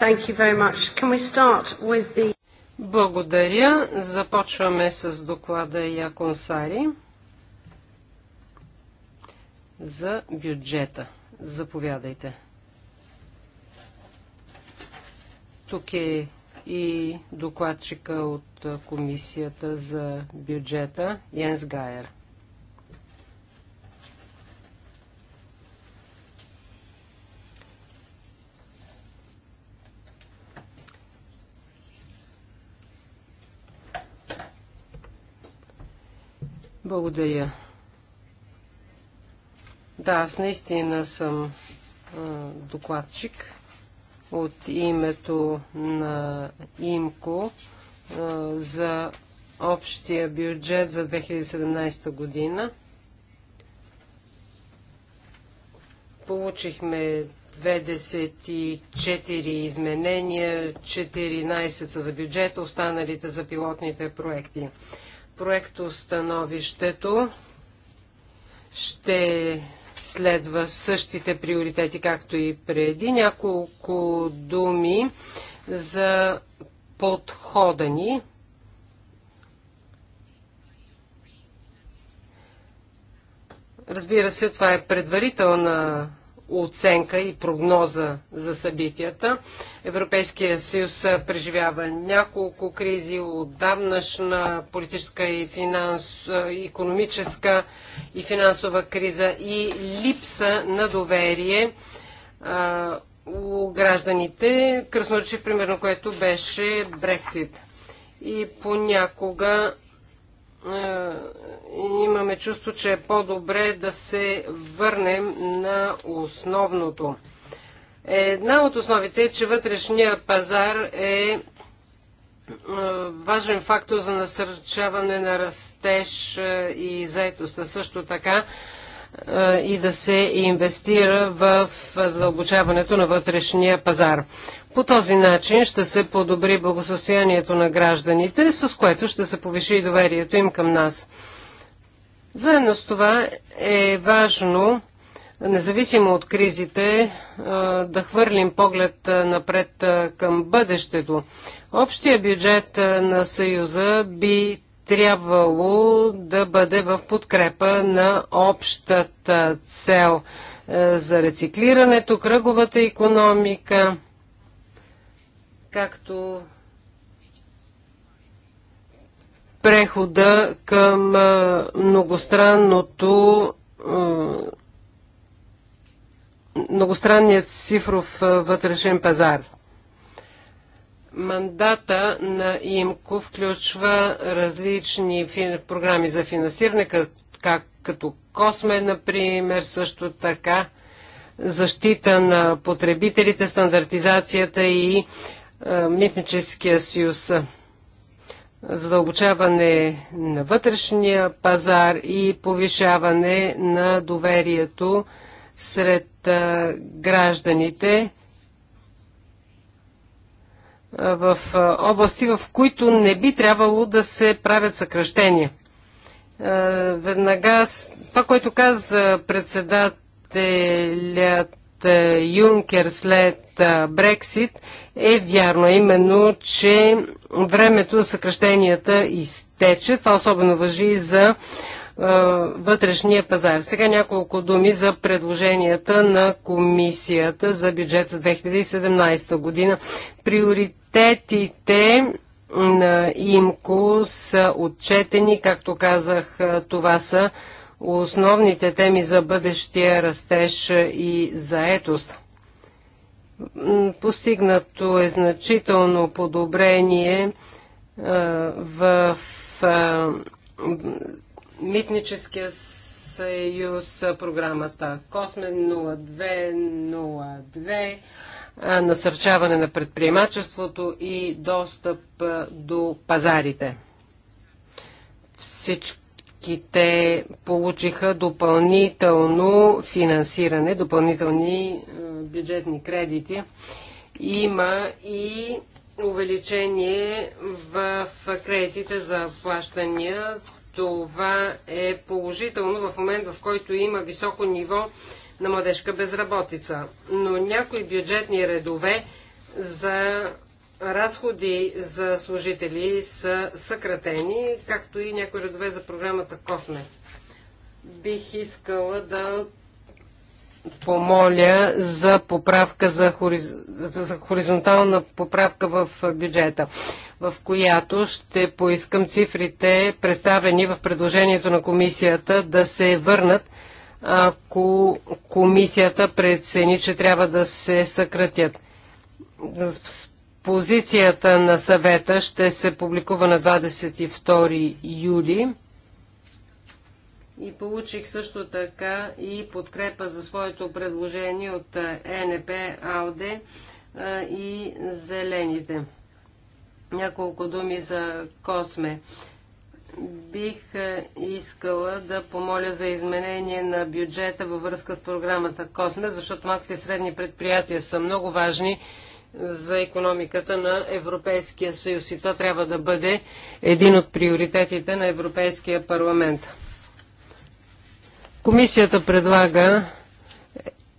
Thank you very much. Can we start with the... Благодаря. Започваме с доклада Яконсари за бюджета. Заповядайте. Тук е и докладчика от Комисията за бюджета Йенс Гайер. Благодаря. Да, аз наистина съм а, докладчик от името на ИМКО а, за общия бюджет за 2017 година. Получихме 24 изменения, 14 са за бюджета, останалите за пилотните проекти. Проектостановището ще следва същите приоритети, както и преди. Няколко думи за подхода ни. Разбира се, това е предварителна оценка и прогноза за събитията. Европейския съюз преживява няколко кризи от давнашна политическа и финансова, економическа и финансова криза и липса на доверие а, у гражданите. Красноречив примерно, което беше Брексит. И понякога е, имаме чувство, че е по-добре да се върнем на основното. Една от основите е, че вътрешния пазар е, е важен фактор за насърчаване на растеж е, и заетостта. Също така и да се инвестира в задълбочаването на вътрешния пазар. По този начин ще се подобри благосъстоянието на гражданите, с което ще се повиши и доверието им към нас. Заедно с това е важно, независимо от кризите, да хвърлим поглед напред към бъдещето. Общия бюджет на Съюза би трябвало да бъде в подкрепа на общата цел за рециклирането, кръговата економика – както прехода към многостранното многостранният цифров вътрешен пазар. Мандата на ИМКО включва различни програми за финансиране, как, като Косме, например, също така защита на потребителите, стандартизацията и е, митническия съюз, задълбочаване на вътрешния пазар и повишаване на доверието сред е, гражданите е, в области, в които не би трябвало да се правят съкръщения. Веднага това, което каза председателят е, Юнкер след е, Брексит е вярно, именно, че времето за съкръщенията изтече. Това особено въжи за е, вътрешния пазар. Сега няколко думи за предложенията на комисията за бюджет за 2017 година. Приоритетите на ИМКО са отчетени, както казах, това са основните теми за бъдещия растеж и заетост. Постигнато е значително подобрение в Митническия съюз програмата Косме 0202 насърчаване на предприемачеството и достъп до пазарите. Всичко те получиха допълнително финансиране, допълнителни е, бюджетни кредити. Има и увеличение в кредитите за плащания. Това е положително в момент, в който има високо ниво на младежка безработица. Но някои бюджетни редове за разходи за служители са съкратени, както и някои редове за програмата Косме. Бих искала да помоля за поправка за, хориз... за хоризонтална поправка в бюджета, в която ще поискам цифрите, представени в предложението на комисията, да се върнат, ако комисията прецени, че трябва да се съкратят. Позицията на съвета ще се публикува на 22 юли. И получих също така и подкрепа за своето предложение от ЕНП, Алде и Зелените. Няколко думи за Косме. Бих искала да помоля за изменение на бюджета във връзка с програмата Косме, защото малките средни предприятия са много важни за економиката на Европейския съюз. И това трябва да бъде един от приоритетите на Европейския парламент. Комисията предлага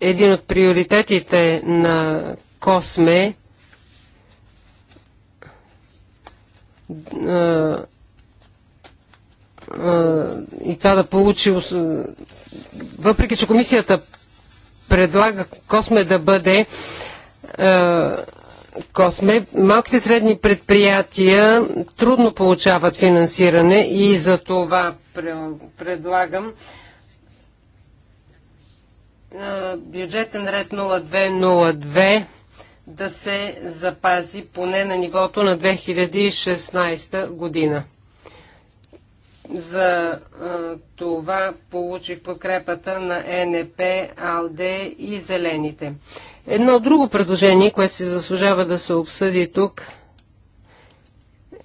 един от приоритетите на Косме и това да получи въпреки, че комисията предлага Косме да бъде е, Косме. Малките средни предприятия трудно получават финансиране и за това предлагам е, бюджетен ред 0202 да се запази поне на нивото на 2016 година. За това получих подкрепата на НП, АЛДЕ и Зелените. Едно друго предложение, което си заслужава да се обсъди тук,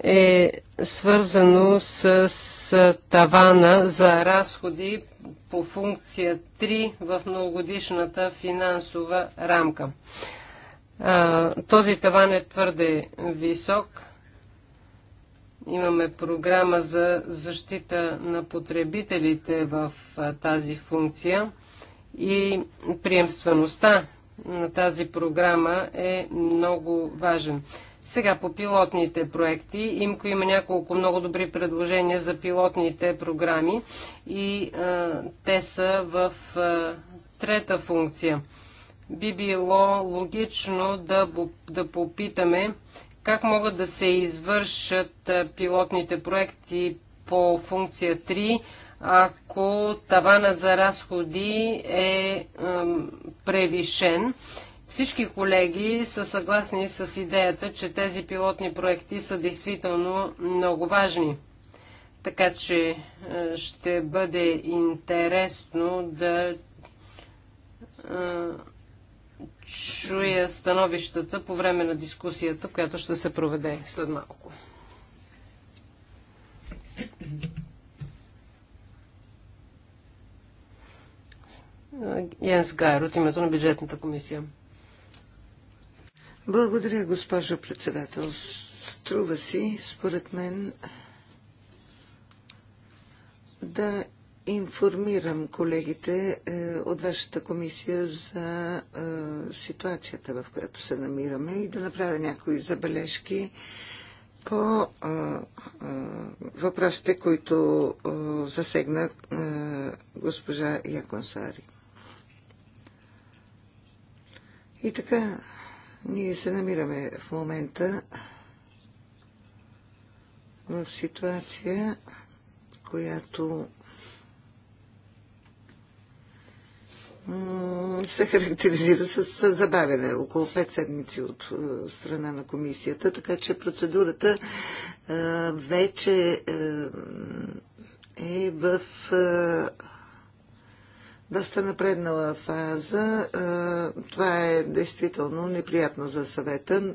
е свързано с, с тавана за разходи по функция 3 в многогодишната финансова рамка. А, този таван е твърде висок Имаме програма за защита на потребителите в тази функция и приемствеността на тази програма е много важен. Сега по пилотните проекти. Имко има няколко много добри предложения за пилотните програми и а, те са в а, трета функция. Би било логично да, да попитаме как могат да се извършат пилотните проекти по функция 3, ако тавана за разходи е превишен? Всички колеги са съгласни с идеята, че тези пилотни проекти са действително много важни. Така че ще бъде интересно да чуя становищата по време на дискусията, която ще се проведе след малко. Янс Гайер от името на бюджетната комисия. Благодаря, госпожо председател. Струва си, според мен, да информирам колегите е, от вашата комисия за е, ситуацията, в която се намираме и да направя някои забележки по е, въпросите, които засегна госпожа Яконсари. И така, ние се намираме в момента в ситуация, която се характеризира с забавяне около 5 седмици от е, страна на комисията, така че процедурата е, вече е, е в доста напреднала фаза. Това е действително неприятно за съвета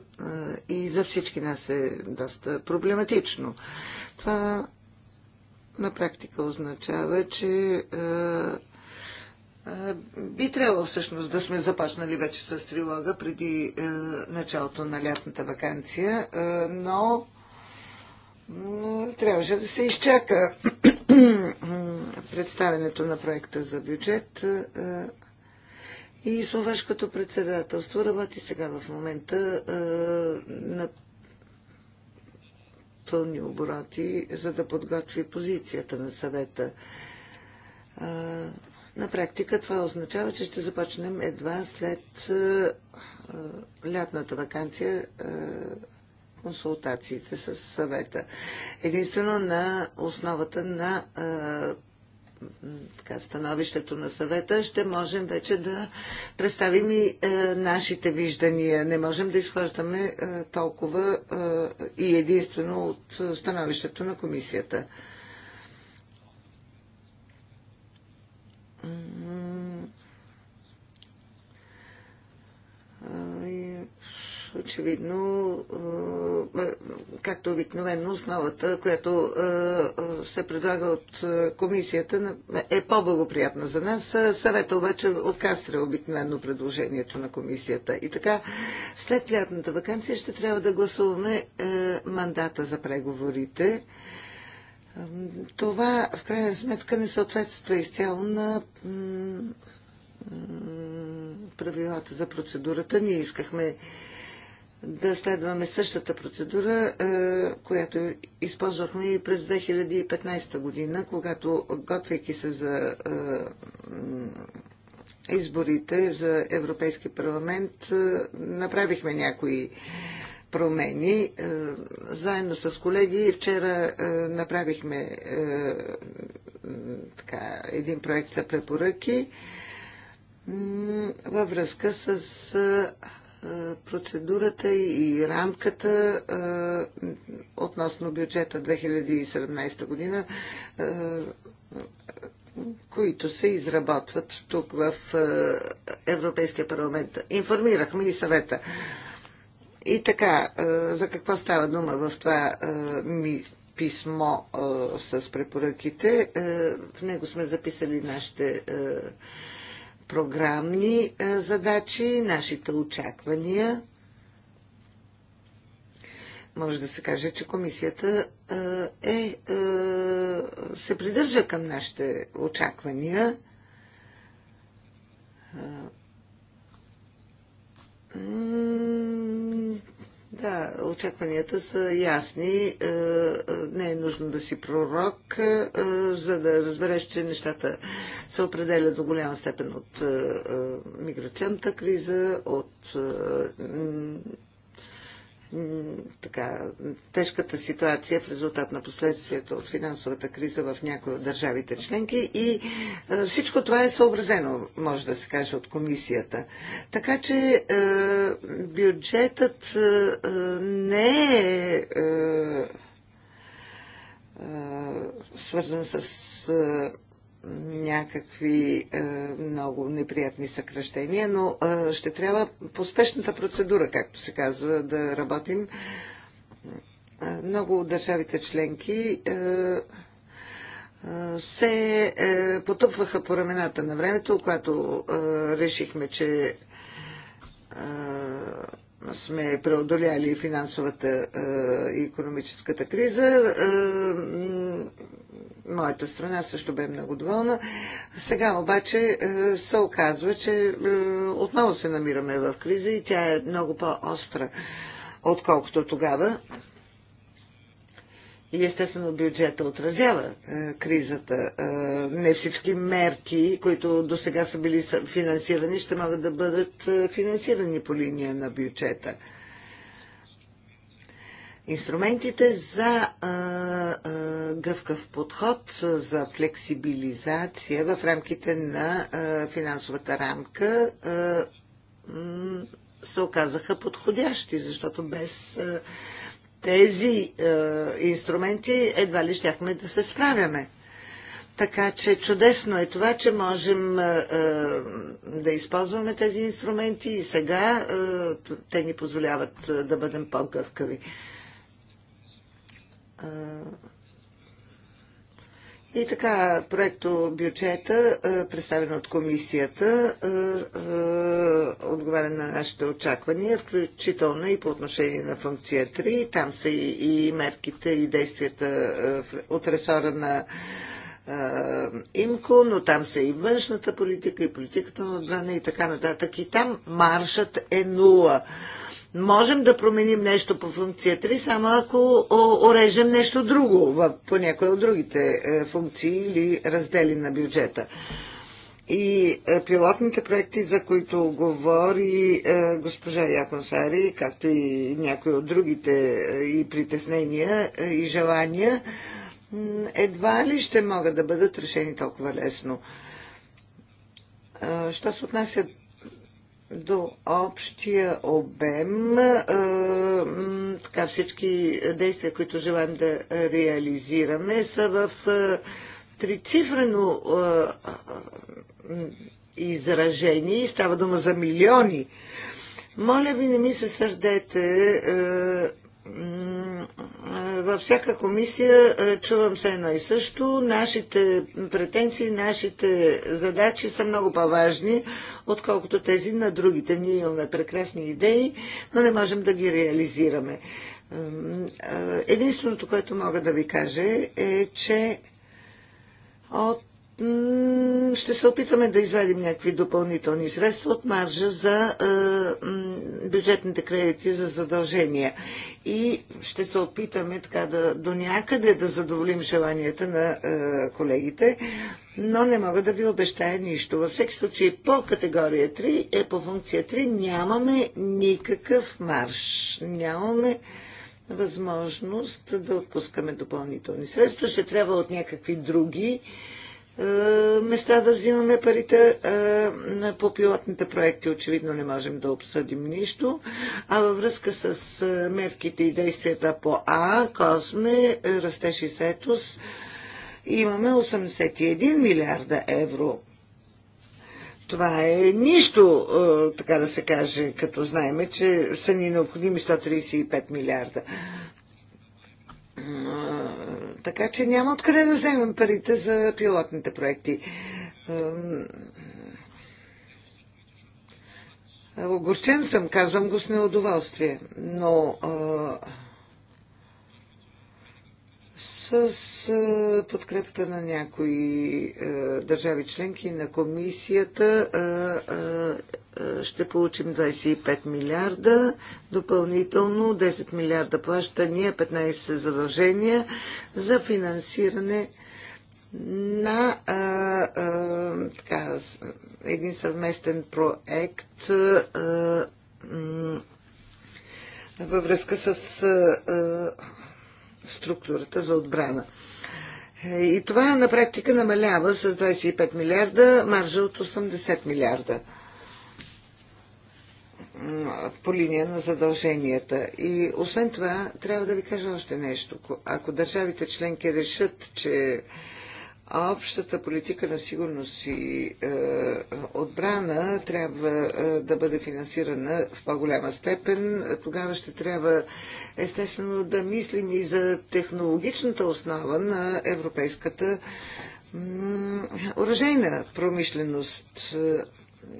и за всички нас е доста проблематично. Това на практика означава, че би трябвало всъщност да сме започнали вече с трилога преди е, началото на лятната вакансия, е, но е, трябваше да се изчака представенето на проекта за бюджет. Е, и словашкото председателство работи сега в момента е, на пълни обороти, за да подготви позицията на съвета. Е, на практика това означава, че ще започнем едва след е, е, лятната вакансия е, консултациите с съвета. Единствено на основата на така, становището на съвета, ще можем вече да представим и е, нашите виждания. Не можем да изхождаме е, толкова е, и единствено от становището на комисията. очевидно, е, както обикновено, основата, която е, е, се предлага от комисията, е по-благоприятна за нас. Съвета обаче откастря обикновено предложението на комисията. И така, след лятната вакансия ще трябва да гласуваме мандата за преговорите. Това, в крайна сметка, не съответства изцяло на правилата за процедурата. Ние искахме да следваме същата процедура, е, която използвахме и през 2015 година, когато, готвейки се за е, изборите за Европейски парламент, е, направихме някои промени. Заедно с колеги вчера направихме така, един проект за препоръки във връзка с процедурата и рамката относно бюджета 2017 година, които се изработват тук в Европейския парламент. Информирахме и съвета. И така, за какво става дума в това ми писмо с препоръките? В него сме записали нашите програмни е, задачи, нашите очаквания. Може да се каже, че комисията е, е, е се придържа към нашите очаквания. Е, да, очакванията са ясни. Е, е, не е нужно да си пророк, е, за да разбереш, че нещата се определят до голяма степен от миграционната криза, от така, тежката ситуация в резултат на последствията от финансовата криза в някои от държавите членки и е, всичко това е съобразено, може да се каже, от комисията. Така че е, бюджетът е, е не е, е, е свързан с е, някакви е, много неприятни съкръщения, но е, ще трябва по спешната процедура, както се казва, да работим. Е, много от държавите членки е, е, се е, потъпваха по рамената на времето, когато е, решихме, че е, сме преодоляли финансовата е, и економическата криза. Е, моята страна също бе много доволна. Сега обаче е, се оказва, че отново се намираме в криза и тя е много по-остра, отколкото тогава. Естествено, бюджета отразява е, кризата. Е, не всички мерки, които до сега са били финансирани, ще могат да бъдат е, финансирани по линия на бюджета. Инструментите за а, е, а, е, гъвкав подход, за флексибилизация в рамките на а, финансовата рамка а, се оказаха подходящи, защото без а, тези е, инструменти едва ли щяхме да се справяме. Така че чудесно е това, че можем е, е да използваме тези инструменти и сега е, те ни позволяват е, да бъдем по-гъвкави. Е, и така, проекто бюджета, е, представен от комисията, е, е, отговаря на нашите очаквания, включително и по отношение на функция 3. Там са и мерките, и действията от ресора на имко, но там са и външната политика, и политиката на отбрана и така нататък. И там маршът е нула можем да променим нещо по функция 3, само ако орежем нещо друго по някои от другите е, функции или раздели на бюджета. И е, пилотните проекти, за които говори е, госпожа Яконсари, както и някои от другите и притеснения и желания, едва ли ще могат да бъдат решени толкова лесно. Що се отнасят? до общия обем, така всички действия, които желаем да реализираме, са в трицифрено изражение и става дума за милиони. Моля ви, не ми се сърдете във всяка комисия чувам се едно и също. Нашите претенции, нашите задачи са много по-важни, отколкото тези на другите. Ние имаме прекрасни идеи, но не можем да ги реализираме. Единственото, което мога да ви кажа е, че от ще се опитаме да извадим някакви допълнителни средства от маржа за бюджетните кредити за задължения. И ще се опитаме така да до някъде да задоволим желанията на колегите, но не мога да ви обещая нищо. Във всеки случай по категория 3, е по функция 3 нямаме никакъв марш. Нямаме възможност да отпускаме допълнителни средства. Ще трябва от някакви други е, места да взимаме парите е, по пилотните проекти. Очевидно не можем да обсъдим нищо. А във връзка с е, мерките и действията по А, Косме, растеж и сетос, имаме 81 милиарда евро. Това е нищо, така да се каже, като знаеме, че са ни необходими 135 милиарда така че няма откъде да вземем парите за пилотните проекти. Огорчен съм, казвам го с неудоволствие, но а, с е, подкрепата на някои е, държави членки на комисията е, ще получим 25 милиарда, допълнително 10 милиарда плащания, 15 задължения за финансиране на а, а, така, един съвместен проект а, във връзка с а, структурата за отбрана. Е, и това на практика намалява с 25 милиарда, маржа от 80 милиарда по линия на задълженията. И освен това, трябва да ви кажа още нещо. Ако държавите членки решат, че общата политика на сигурност и е, отбрана трябва е, да бъде финансирана в по-голяма степен. Тогава ще трябва естествено да мислим и за технологичната основа на европейската оръжейна промишленост.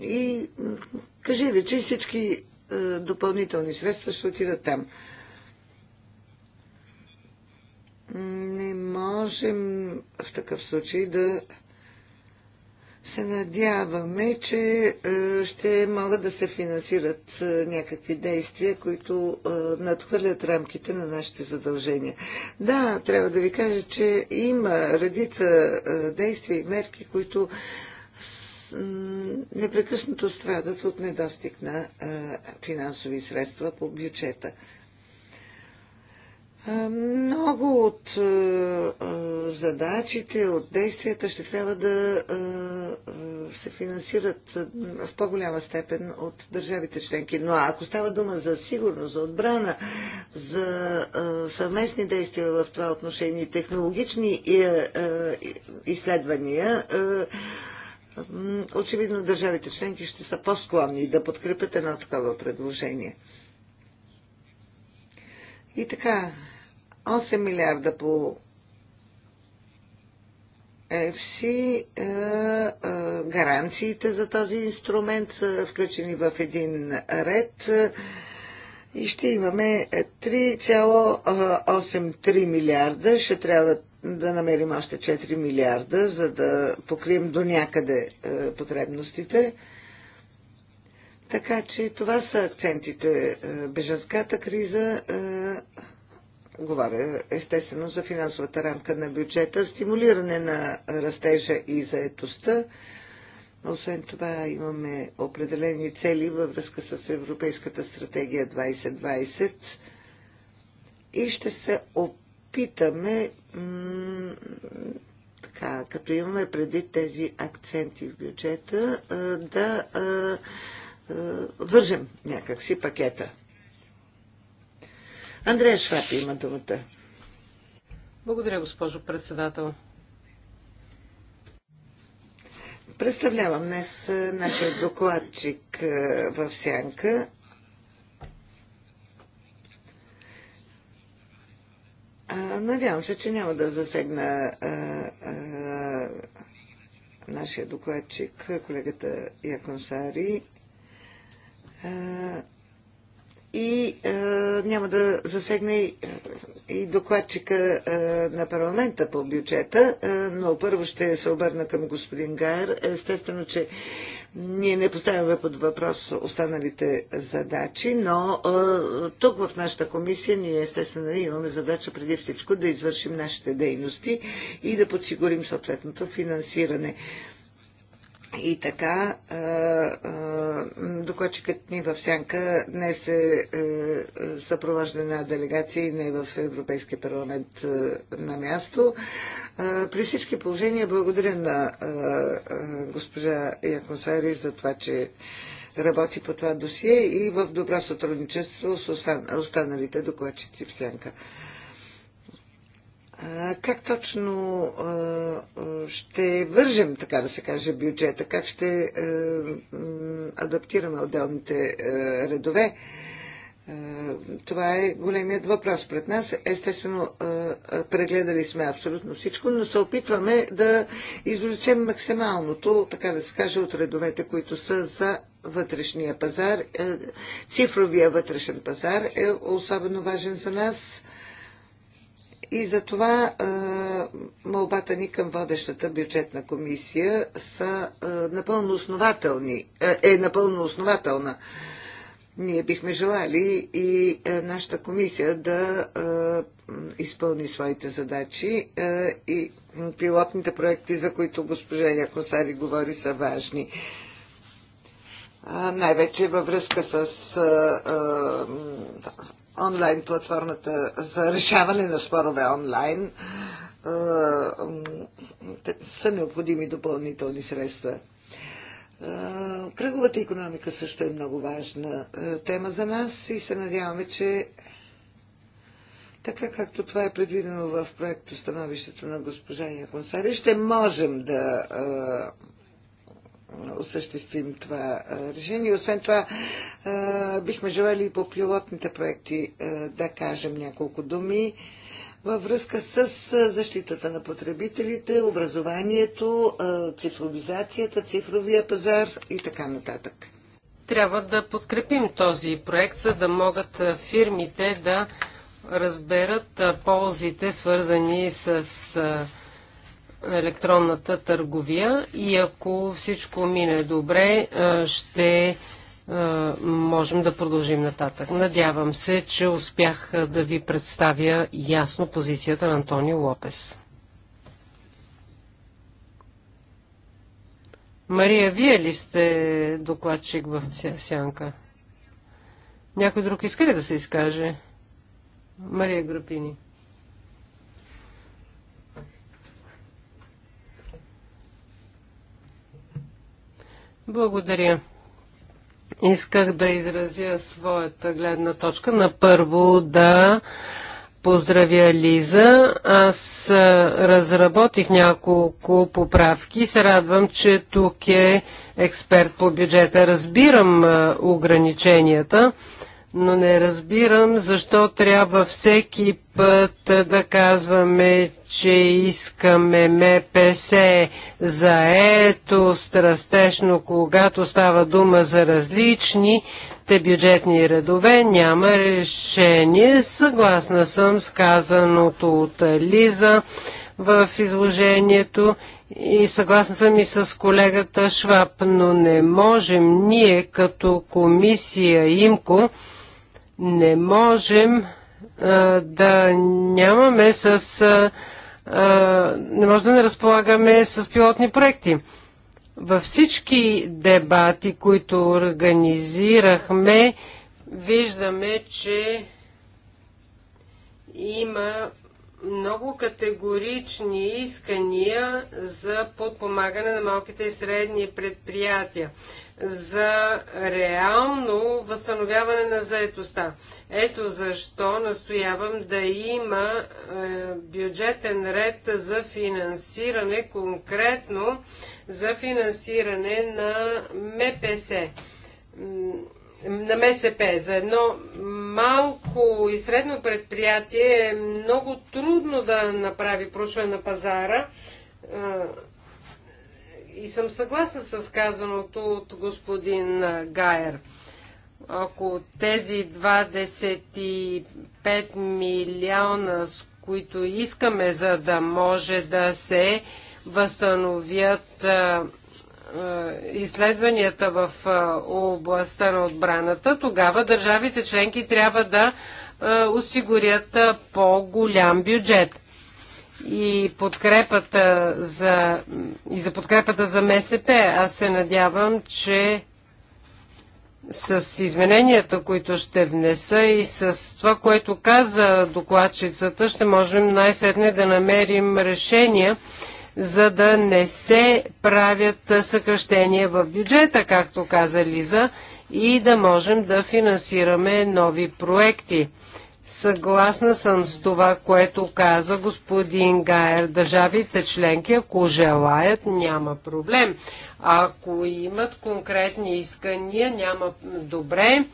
И кажи ли, че всички е, допълнителни средства ще отидат там. Не можем в такъв случай да се надяваме, че е, ще могат да се финансират е, някакви действия, които е, надхвърлят рамките на нашите задължения. Да, трябва да ви кажа, че има редица действия и мерки, които непрекъснато страдат от недостиг на финансови средства по бюджета. Много от задачите, от действията ще трябва да се финансират в по-голяма степен от държавите членки. Но ако става дума за сигурност, за отбрана, за съвместни действия в това отношение, технологични изследвания, очевидно държавите членки ще са по-склонни да подкрепят едно такова предложение. И така, 8 милиарда по FC, е, е, гаранциите за този инструмент са включени в един ред е, и ще имаме 3,83 е, милиарда. Ще трябва да намерим още 4 милиарда, за да покрием до някъде е, потребностите. Така че това са акцентите. Е, Бежанската криза, е, говоря естествено за финансовата рамка на бюджета, стимулиране на растежа и заетостта. Освен това имаме определени цели във връзка с Европейската стратегия 2020 и ще се опитаме така, като имаме преди тези акценти в бюджета, е, да е, вържем някакси пакета. Андрея Шваб има думата. Благодаря, госпожо председател. Представлявам днес е, нашия докладчик е, в Сянка. Надявам се, че няма да засегна нашия докладчик, колегата Яконсари. Е, и е, няма да засегне и, е, и докладчика на парламента по бюджета, но първо ще се обърна към господин Гайер. Естествено, че ние не поставяме под въпрос останалите задачи, но тук в нашата комисия ние естествено имаме задача преди всичко да извършим нашите дейности и да подсигурим съответното финансиране. И така, докладчикът ми в Сянка днес е съпровожда на делегация и не в Европейския парламент на място. При всички положения благодаря на госпожа Яконсари за това, че работи по това досие и в добро сътрудничество с останалите докладчици в Сянка. Как точно ще вържем, така да се каже, бюджета? Как ще адаптираме отделните редове? Това е големият въпрос пред нас. Естествено, прегледали сме абсолютно всичко, но се опитваме да извлечем максималното, така да се каже, от редовете, които са за вътрешния пазар. Е, цифровия вътрешен пазар е особено важен за нас и за това мълбата ни към водещата бюджетна комисия са напълно основателни, е напълно основателна. Ние бихме желали и нашата комисия да изпълни своите задачи и пилотните проекти, за които госпожа Якосари говори, са важни най-вече във връзка с а, а, онлайн платформата за решаване на спорове онлайн са необходими допълнителни средства. Кръговата економика също е много важна тема за нас и се надяваме, че така както това е предвидено в проекто становището на госпожа Яконсари, ще можем да осъществим това решение. Освен това, бихме желали и по пилотните проекти да кажем няколко думи във връзка с защитата на потребителите, образованието, цифровизацията, цифровия пазар и така нататък. Трябва да подкрепим този проект, за да могат фирмите да разберат ползите, свързани с електронната търговия и ако всичко мине добре, е, ще е, можем да продължим нататък. Надявам се, че успях е, да ви представя ясно позицията на Антонио Лопес. Мария, вие ли сте докладчик в Сянка? Някой друг иска ли да се изкаже? Мария Грапини. Благодаря. Исках да изразя своята гледна точка. На първо да поздравя Лиза. Аз разработих няколко поправки. Се радвам, че тук е експерт по бюджета. Разбирам ограниченията но не разбирам защо трябва всеки път да казваме, че искаме МПС за ето страстешно, когато става дума за различни те бюджетни редове, няма решение. Съгласна съм с казаното от Лиза в изложението и съгласна съм и с колегата Шваб, но не можем ние като комисия ИМКО не можем а, да нямаме с. А, а, не може да не разполагаме с пилотни проекти. Във всички дебати, които организирахме, виждаме, че има много категорични искания за подпомагане на малките и средни предприятия, за реално възстановяване на заетостта. Ето защо настоявам да има е, бюджетен ред за финансиране, конкретно за финансиране на МПС на МСП. За едно малко и средно предприятие е много трудно да направи проучване на пазара. И съм съгласна с казаното от господин Гайер. Ако тези 25 милиона, с които искаме, за да може да се възстановят е, изследванията в е, областта на отбраната, тогава държавите членки трябва да е, осигурят по-голям бюджет. И, подкрепата за, и за подкрепата за МСП. Аз се надявам, че с измененията, които ще внеса и с това, което каза докладчицата, ще можем най-сетне да намерим решения за да не се правят съкръщения в бюджета, както каза Лиза, и да можем да финансираме нови проекти. Съгласна съм с това, което каза господин Гайер. Държавите членки, ако желаят, няма проблем. Ако имат конкретни искания, няма добре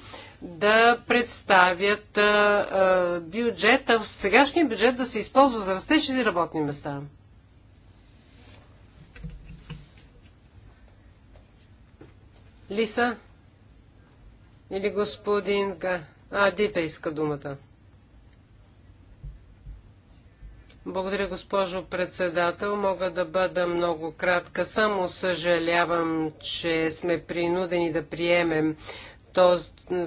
да представят а, а, бюджета, сегашния бюджет да се използва за растеж и работни места. Лиса? Или господин Га? А, Дита иска думата. Благодаря, госпожо председател. Мога да бъда много кратка. Само съжалявам, че сме принудени да приемем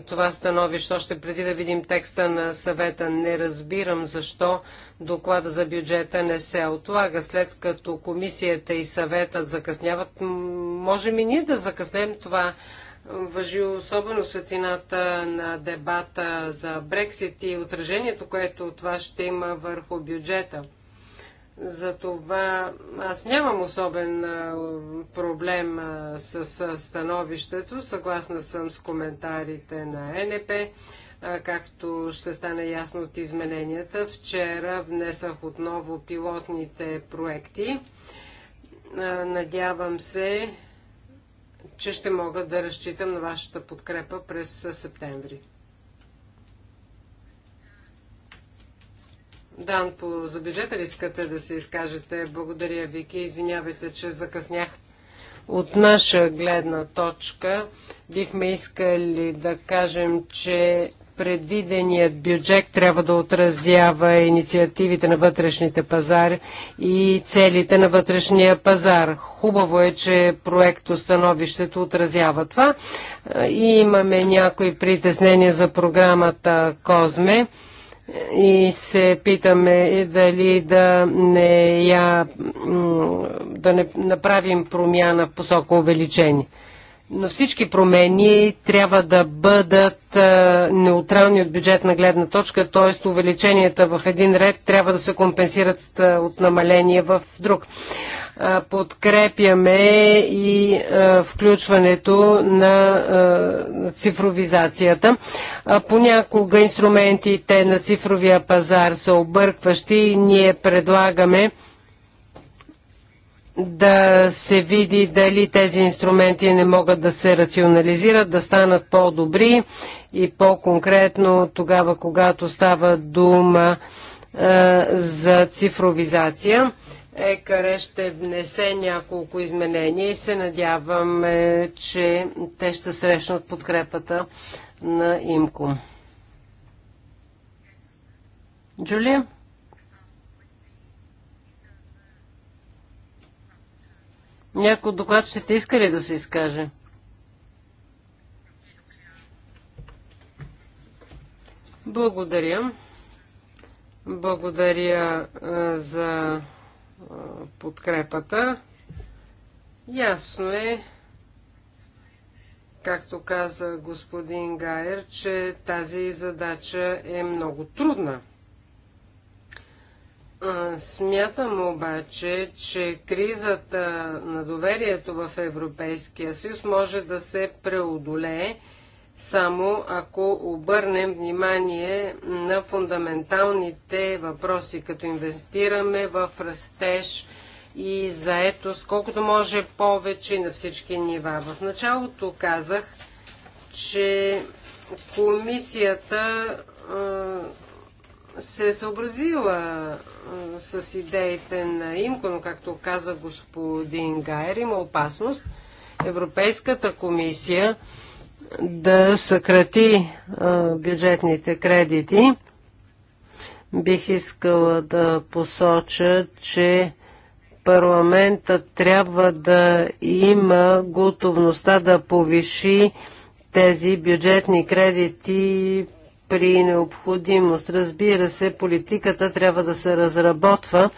това становище, още преди да видим текста на съвета. Не разбирам защо доклада за бюджета не се отлага, след като комисията и съветът закъсняват. Можем и ние да закъснем това въжи особено светлината на дебата за Брексит и отражението, което това ще има върху бюджета. Затова аз нямам особен проблем с становището. Съгласна съм с коментарите на НП, както ще стане ясно от измененията. Вчера внесах отново пилотните проекти. Надявам се, че ще мога да разчитам на вашата подкрепа през септември. Дан, по, забежете ли искате да се изкажете? Благодаря, Вики. Извинявайте, че закъснях. От наша гледна точка бихме искали да кажем, че предвиденият бюджет трябва да отразява инициативите на вътрешните пазари и целите на вътрешния пазар. Хубаво е, че установището отразява това и имаме някои притеснения за програмата Козме и се питаме дали да не, я, да не направим промяна в посока увеличение но всички промени трябва да бъдат е, неутрални от бюджетна гледна точка, т.е. увеличенията в един ред трябва да се компенсират е, от намаление в друг. Е, подкрепяме и включването на цифровизацията. Понякога инструментите на цифровия пазар са объркващи и ние предлагаме да се види дали тези инструменти не могат да се рационализират, да станат по-добри и по-конкретно тогава, когато става дума а, е, за цифровизация. ЕКАРЕ ще внесе няколко изменения и се надявам, че те ще срещнат подкрепата на ИМКО. Джулия? Някой доклад ще те иска ли да се изкаже? Благодаря. Благодаря а, за а, подкрепата. Ясно е, както каза господин Гайер, че тази задача е много трудна. Смятам обаче, че кризата на доверието в Европейския съюз може да се преодолее само ако обърнем внимание на фундаменталните въпроси, като инвестираме в растеж и заетост, колкото може повече на всички нива. В началото казах, че комисията се е съобразила с идеите на ИМКО, но както каза господин Гайер, има опасност Европейската комисия да съкрати бюджетните кредити. Бих искала да посоча, че парламентът трябва да има готовността да повиши тези бюджетни кредити при необходимост. Разбира се, политиката трябва да се разработва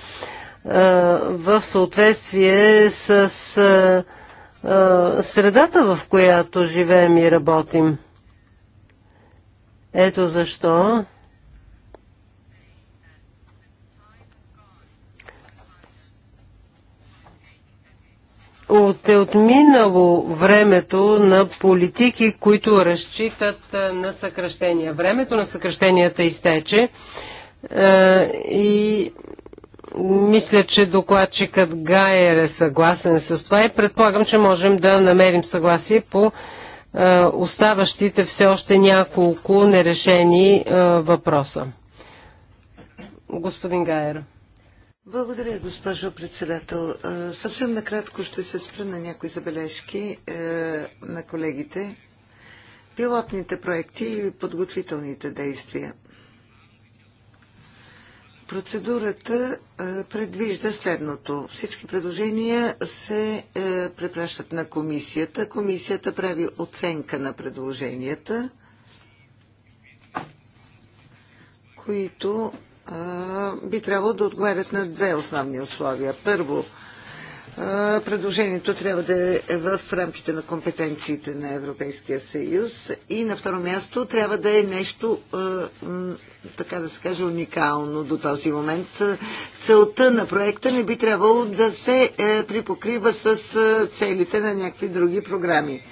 в съответствие с средата, в която живеем и работим. Ето защо От е отминало времето на политики, които разчитат е, на съкръщения. Времето на съкръщенията изтече е, и мисля, че докладчикът Гайер е съгласен с това и предполагам, че можем да намерим съгласие по е, оставащите все още няколко нерешени въпроса. Господин Гайер. Благодаря, госпожо председател. Е, съвсем накратко ще се спра на някои забележки е, на колегите. Пилотните проекти и подготвителните действия. Процедурата е, предвижда следното. Всички предложения се препращат на комисията. Комисията прави оценка на предложенията, които би трябвало да отговарят на две основни условия. Първо, предложението трябва да е в рамките на компетенциите на Европейския съюз и на второ място трябва да е нещо, така да се каже, уникално до този момент. Целта на проекта не би трябвало да се е, припокрива с целите на някакви други програми.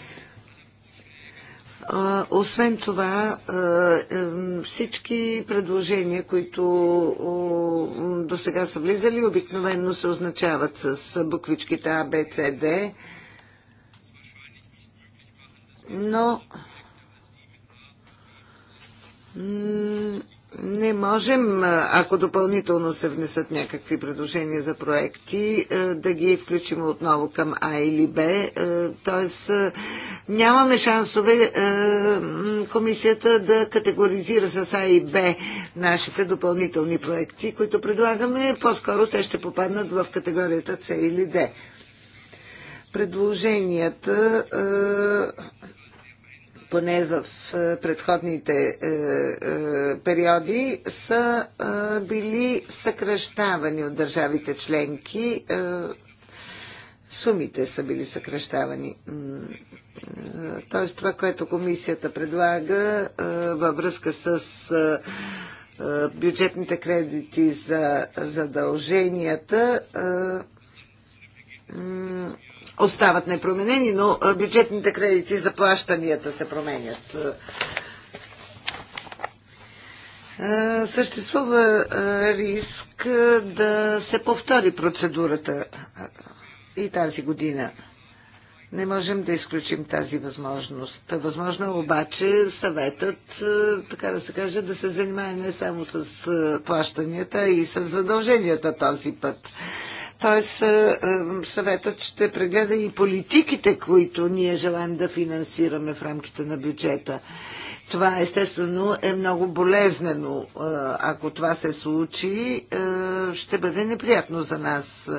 Освен това, всички предложения, които до сега са влизали, обикновено се означават с буквичките А, Б, С, Д. Но не можем, ако допълнително се внесат някакви предложения за проекти, да ги включим отново към А или Б. Тоест, нямаме шансове комисията да категоризира с А и Б нашите допълнителни проекти, които предлагаме. По-скоро те ще попаднат в категорията С или Д. Предложенията поне в е, предходните е, е, периоди, са били съкръщавани от държавите членки. Сумите са били съкръщавани. Т.е. това, което комисията предлага във връзка с бюджетните кредити за задълженията, остават непроменени, но бюджетните кредити за плащанията се променят. Съществува риск да се повтори процедурата и тази година. Не можем да изключим тази възможност. Възможно е обаче съветът, така да се каже, да се занимае не само с плащанията, а и с задълженията този път т.е. Е, съветът ще прегледа и политиките, които ние желаем да финансираме в рамките на бюджета. Това естествено е много болезнено. Е, ако това се случи, е, ще бъде неприятно за нас.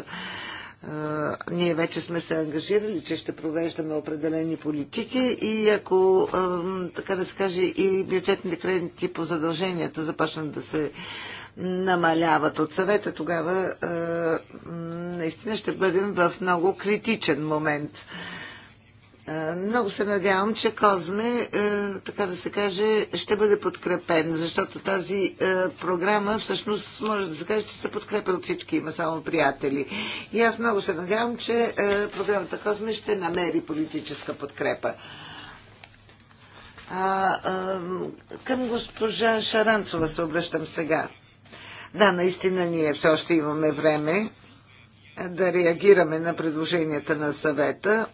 Ние вече сме се ангажирали, че ще провеждаме определени политики и ако, така да се каже, и бюджетните кредити по задълженията започнат да се намаляват от съвета, тогава е, наистина ще бъдем в много критичен момент. Е, много се надявам, че Козме, е, така да се каже, ще бъде подкрепен, защото тази програма всъщност може да се каже, че се подкрепя от всички, има само приятели. И аз много се надявам, че програмата Козме ще намери политическа подкрепа. А, а, към госпожа Шаранцова се обръщам сега. Да, наистина ние все още имаме време да реагираме на предложенията на съвета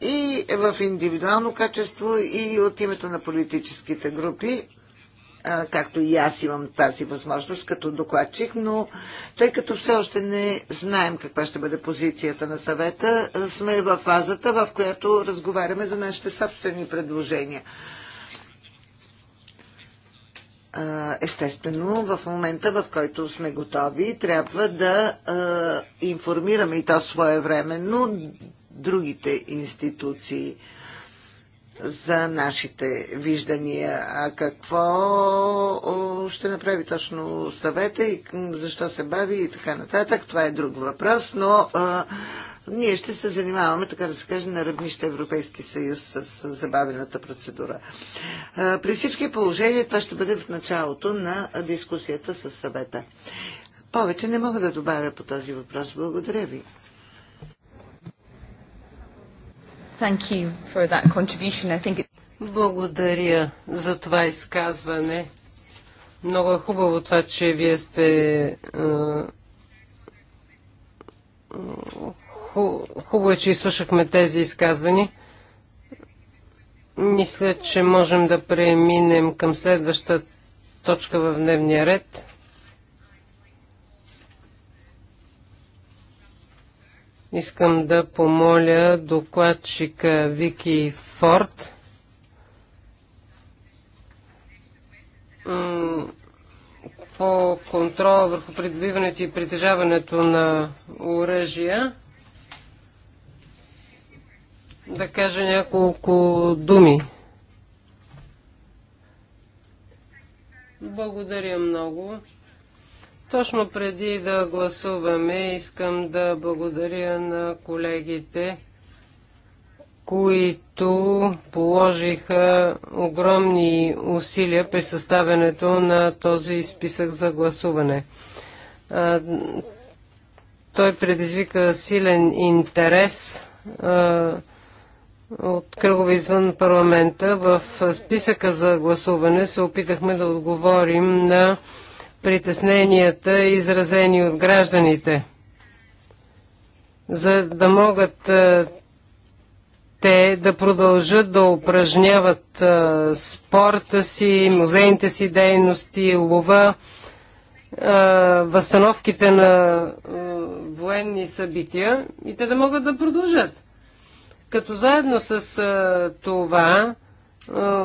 и в индивидуално качество и от името на политическите групи както и аз имам тази възможност като докладчик, но тъй като все още не знаем каква ще бъде позицията на съвета, сме в фазата, в която разговаряме за нашите собствени предложения естествено, в момента, в който сме готови, трябва да информираме и то своевременно другите институции за нашите виждания. А какво ще направи точно съвета и защо се бави и така нататък, това е друг въпрос, но ние ще се занимаваме, така да се каже, на равнище Европейски съюз с забавената процедура. При всички положения това ще бъде в началото на дискусията с съвета. Повече не мога да добавя по този въпрос. Благодаря ви. Thank you for that contribution. I think it... Благодаря за това изказване. Много е хубаво това, че вие сте Хубаво е, че изслушахме тези изказвания. Мисля, че можем да преминем към следващата точка в дневния ред. Искам да помоля докладчика Вики Форд по контрола върху придобиването и притежаването на оръжия да кажа няколко думи. Благодаря много. Точно преди да гласуваме, искам да благодаря на колегите, които положиха огромни усилия при съставянето на този списък за гласуване. той предизвика силен интерес от кръгове извън парламента. В списъка за гласуване се опитахме да отговорим на притесненията, изразени от гражданите, за да могат е, те да продължат да упражняват е, спорта си, музейните си дейности, лова, е, възстановките на военни събития и те да могат да продължат. Като заедно с а, това а,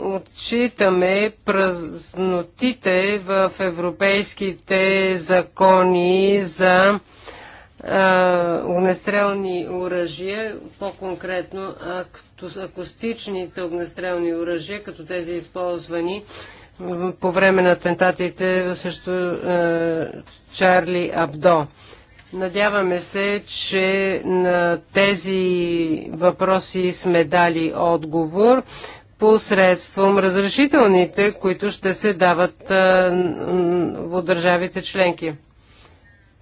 отчитаме празнотите в европейските закони за огнестрелни оръжия, по-конкретно акустичните огнестрелни оръжия, като тези използвани по време на атентатите също Чарли Абдо. Надяваме се, че на тези въпроси сме дали отговор посредством разрешителните, които ще се дават в държавите членки.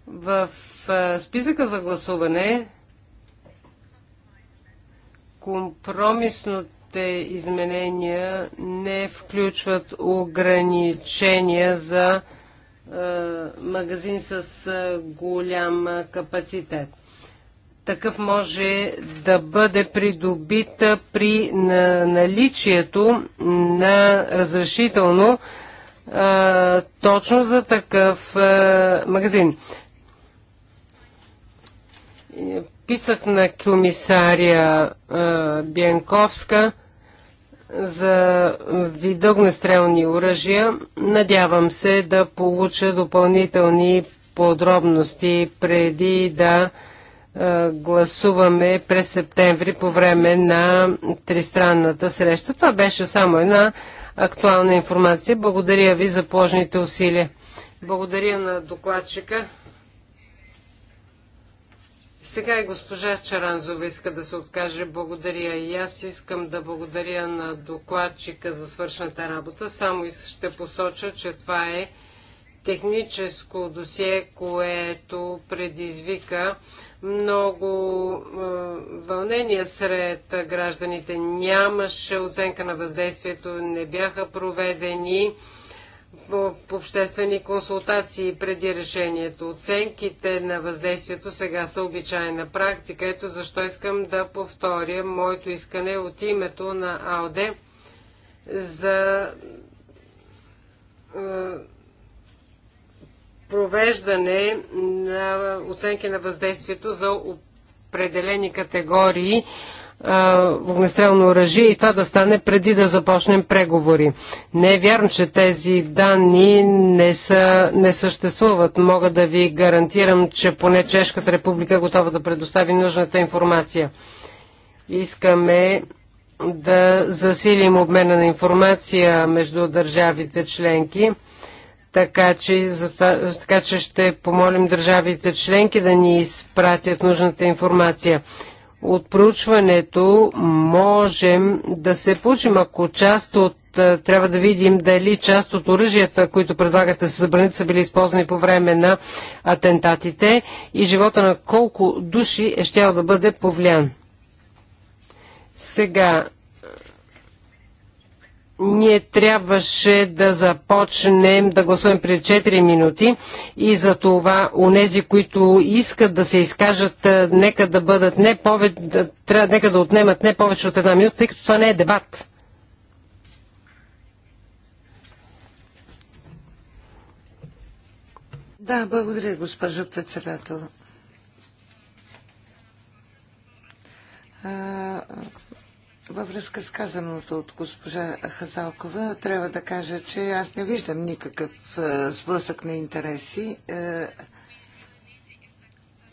В списъка за гласуване компромисното изменения не включват ограничения за е, магазин с е, голям е, капацитет. Такъв може да бъде придобит при наличието на разрешително точно за такъв магазин. Писах на комисария Бянковска за видогнестрелни оръжия. Надявам се да получа допълнителни подробности преди да е, гласуваме през септември по време на тристранната среща. Това беше само една актуална информация. Благодаря ви за положените усилия. Благодаря на докладчика. Сега и госпожа Чаранзова иска да се откаже. Благодаря и аз искам да благодаря на докладчика за свършната работа. Само ще посоча, че това е техническо досие, което предизвика много е, вълнения сред гражданите. Нямаше оценка на въздействието, не бяха проведени по, обществени консултации преди решението. Оценките на въздействието сега са обичайна практика. Ето защо искам да повторя моето искане от името на АОД за е, провеждане на оценки на въздействието за определени категории огнестрелно оръжие и това да стане преди да започнем преговори. Не е вярно, че тези данни не, са, не съществуват. Мога да ви гарантирам, че поне Чешката република е готова да предостави нужната информация. Искаме да засилим обмена на информация между държавите членки, така че, така че ще помолим държавите членки да ни изпратят нужната информация от проучването можем да се получим, ако част от е, трябва да видим дали част от оръжията, които предлагате се забранят, са били използвани по време на атентатите и живота на колко души е щял да бъде повлиян. Сега ние трябваше да започнем да гласуваме при 4 минути и за това унези, които искат да се изкажат, е, нека да бъдат не повече, нека да отнемат не повече от една минута, тъй като това не е дебат. Да, благодаря, госпожо председател. Във връзка с казаното от госпожа Хазалкова, трябва да кажа, че аз не виждам никакъв е, сблъсък на интереси. Е,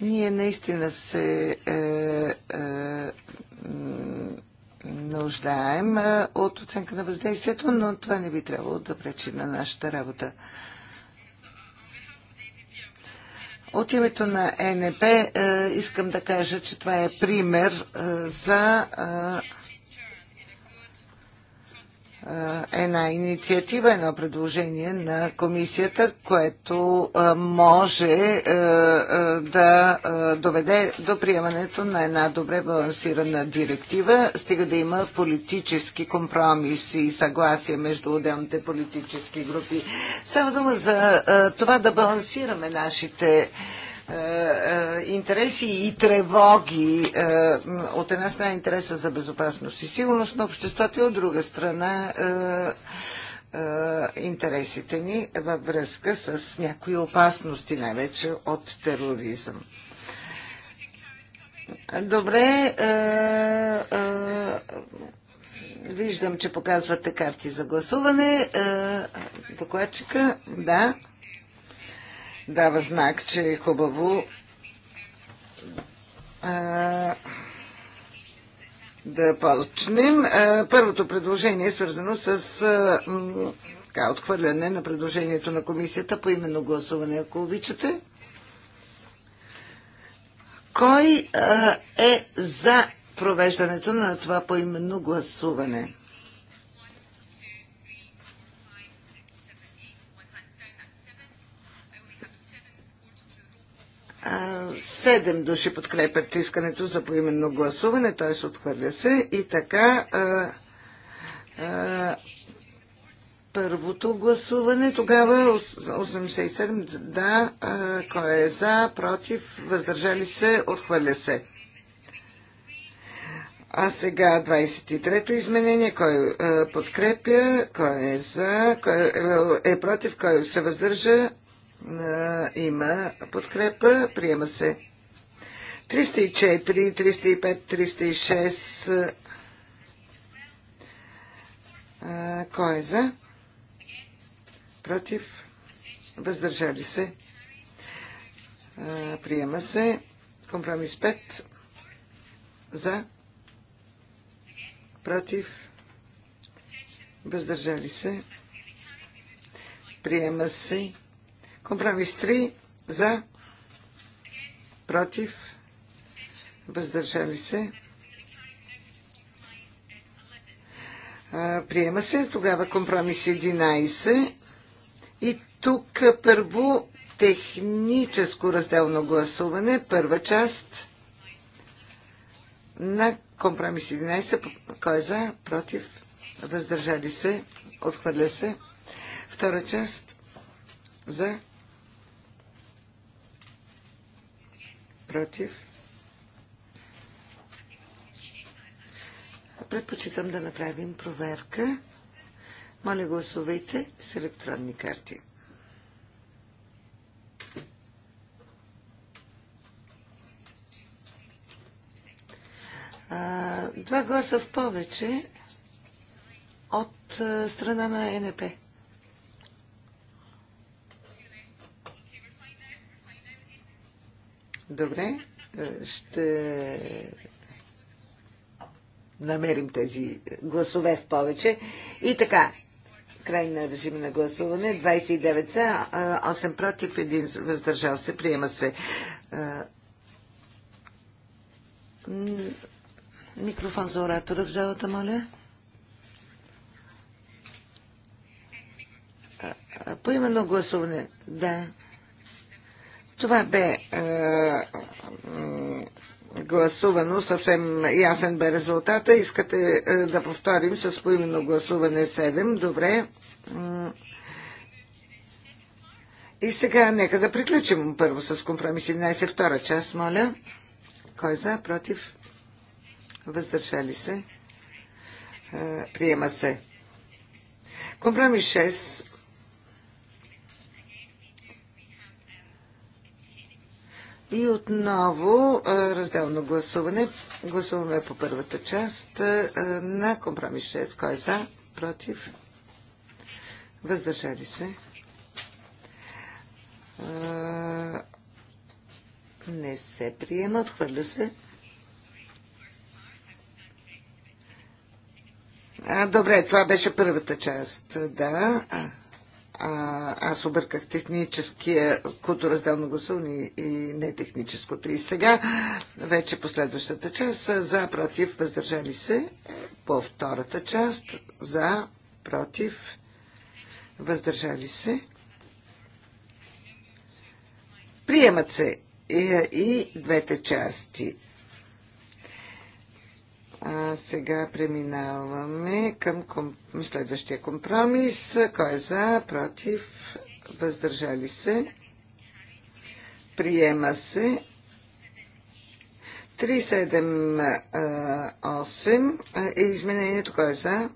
ние наистина се е, нуждаем от оценка на въздействието, но това не би трябвало да пречи на нашата работа. От името на ЕНП искам да кажа, че това е пример за е, е една инициатива, едно предложение на комисията, което е, може да доведе до приемането на една добре балансирана директива, стига да има политически компромиси и съгласие между отделните политически групи. Става дума за това да балансираме нашите е, е, интереси и тревоги. Е, от една страна интереса за безопасност и сигурност на обществото и от друга страна интересите ни във връзка с някои опасности, най-вече от тероризъм. Добре, виждам, че показвате карти за гласуване. Докладчика, да дава знак, че е хубаво да почнем. Първото предложение е свързано с така, отхвърляне на предложението на комисията по именно гласуване, ако обичате. Кой е за провеждането на това поименно гласуване? Седем души подкрепят искането за поименно гласуване, т.е. отхвърля се. И така, а, а, първото гласуване, тогава 87 да, а, кой е за, против, въздържали се, отхвърля се. А сега 23-то изменение, кой е, подкрепя, кой е за, кой е, е против, кой се въздържа, има подкрепа. Приема се 304, 305, 306. Кой е за? Против? Въздържали се? Приема се. Компромис 5. За? Против? Въздържали се? Приема се. Компромис 3 за, против, въздържали се. Приема се тогава компромис 11 и тук първо техническо разделно гласуване, първа част на компромис 11. Кой е за? Против? Въздържали се? Отхвърля се? Втора част за? против. Предпочитам да направим проверка. Моля, гласувайте с електронни карти. два гласа в повече от страна на НП. Добре, е, ще намерим тези гласове в повече. И така, край на режим на гласуване. 29 са, 8 против, 1 въздържал се. Приема се. Е, микрофон за оратора в залата, моля. Е, поименно гласуване. Да. Това бе е, гласувано, съвсем ясен бе резултата. Искате е, да повторим с поименно гласуване 7. Добре. И сега нека да приключим първо с компромис 11, втора част, моля. Кой за, против? Въздържали се? Е, приема се. Компромис 6 И отново разделно гласуване. Гласуваме по първата част на компромис 6. Кой е за? Против? Въздържали се? Не се приема. Отхвърля се. добре, това беше първата част. Да. А аз обърках техническия кото разделно гласуване и не техническото. И сега вече последващата част за, против, въздържали се по втората част за, против, въздържали се. Приемат се и, и двете части. А сега преминаваме към следващия компромис. Кой е за, против, въздържали се? Приема се. 378 е изменението. Кой е за?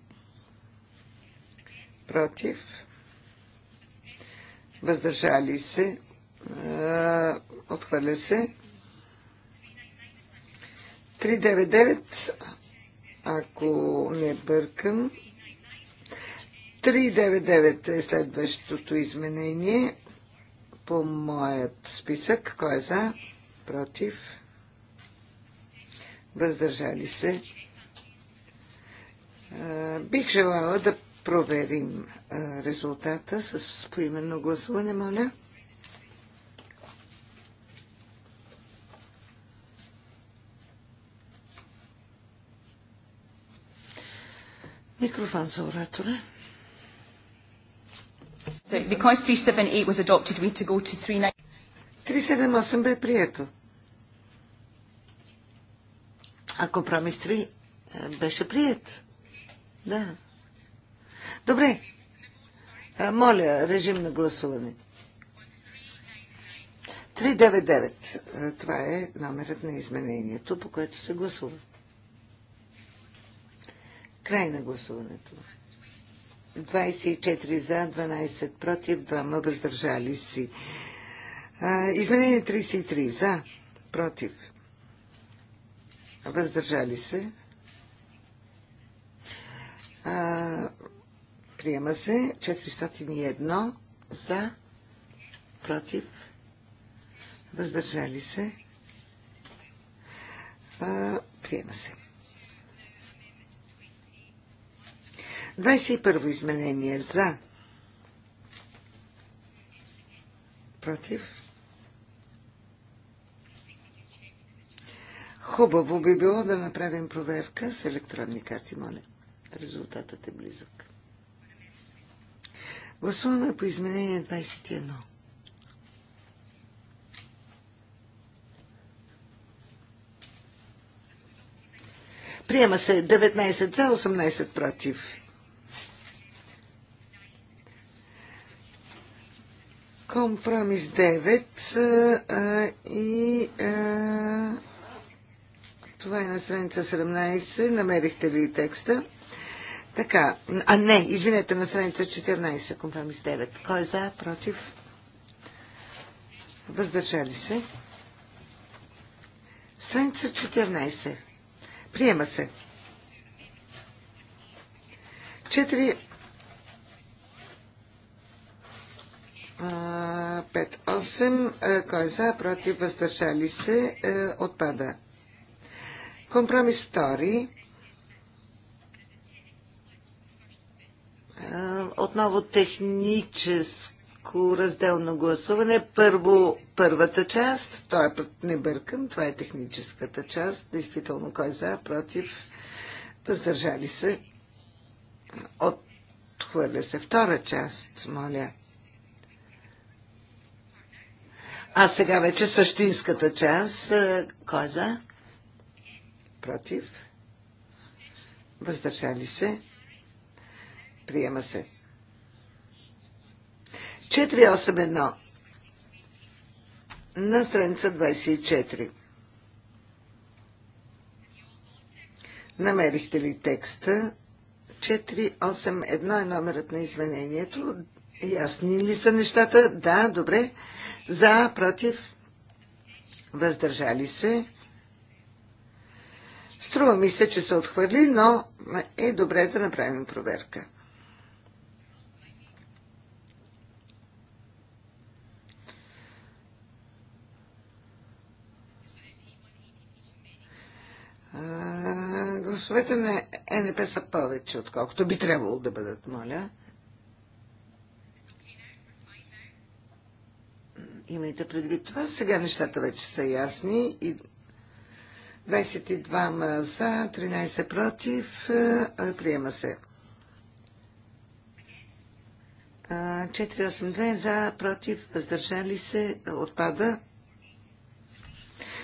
Против. Въздържали се. Отхвърля се. 399, ако не бъркам. 399 е следващото изменение по моят списък. Кой е за? Против? Въздържали се? Бих желала да проверим резултата с поименно гласуване, моля. Микрофон за оратора. So, because 378 was adopted, we had to go to 39... 378 бе прието. А компромис 3 е, беше прият. Да. Добре. Е, моля, режим на гласуване. 399. Е, това е номерът на изменението, по което се гласува. 399. Край на гласуването. 24 за, 12 против, 2 въздържали си. Изменение 33 за, против, въздържали се. А, приема се 401 за, против, въздържали се. А, приема се. 21 изменение за. Против. Хубаво би било да направим проверка с електронни карти, моля. Резултатът е близък. Гласуваме по изменение 21. Приема се 19 за, 18 против. Компромис 9 и това е на страница 17. Намерихте ли текста? Така. А не, извинете, на страница 14, компромис 9. Кой е за, против? Въздържали се. Страница 14. Приема се. 4 5-8. Е, кой е за, против, въздържали се, е, отпада. Компромис втори. Е, отново техническо разделно гласуване. Първо, първата част, той път не бъркам, това е техническата част. Действително, кой е за, против, въздържали се. Отхвърля се втора част, моля. А сега вече същинската част. Е, кой е за? Против. Въздържали се. Приема се. 481 на страница 24. Намерихте ли текста? 481 е номерът на изменението. Ясни ли са нещата? Да, добре. За, против, въздържали се. Струва ми се, че се отхвърли, но е добре да направим проверка. гласовете на НП са повече, отколкото би трябвало да бъдат, моля. Имайте предвид това. Сега нещата вече са ясни. И 22 за, 13 против. Е, е, приема се. 482 за, против, въздържали се, отпада.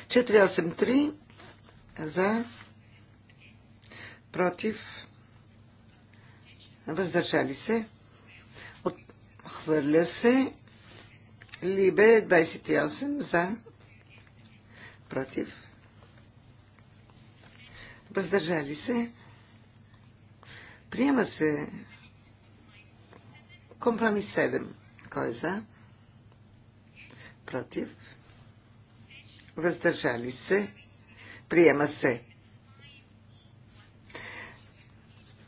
483 за, против, въздържали се, отхвърля се. Либе 28 за, против, въздържали се. Приема се компромис 7. Кой е за? Против. Въздържали се. Приема се.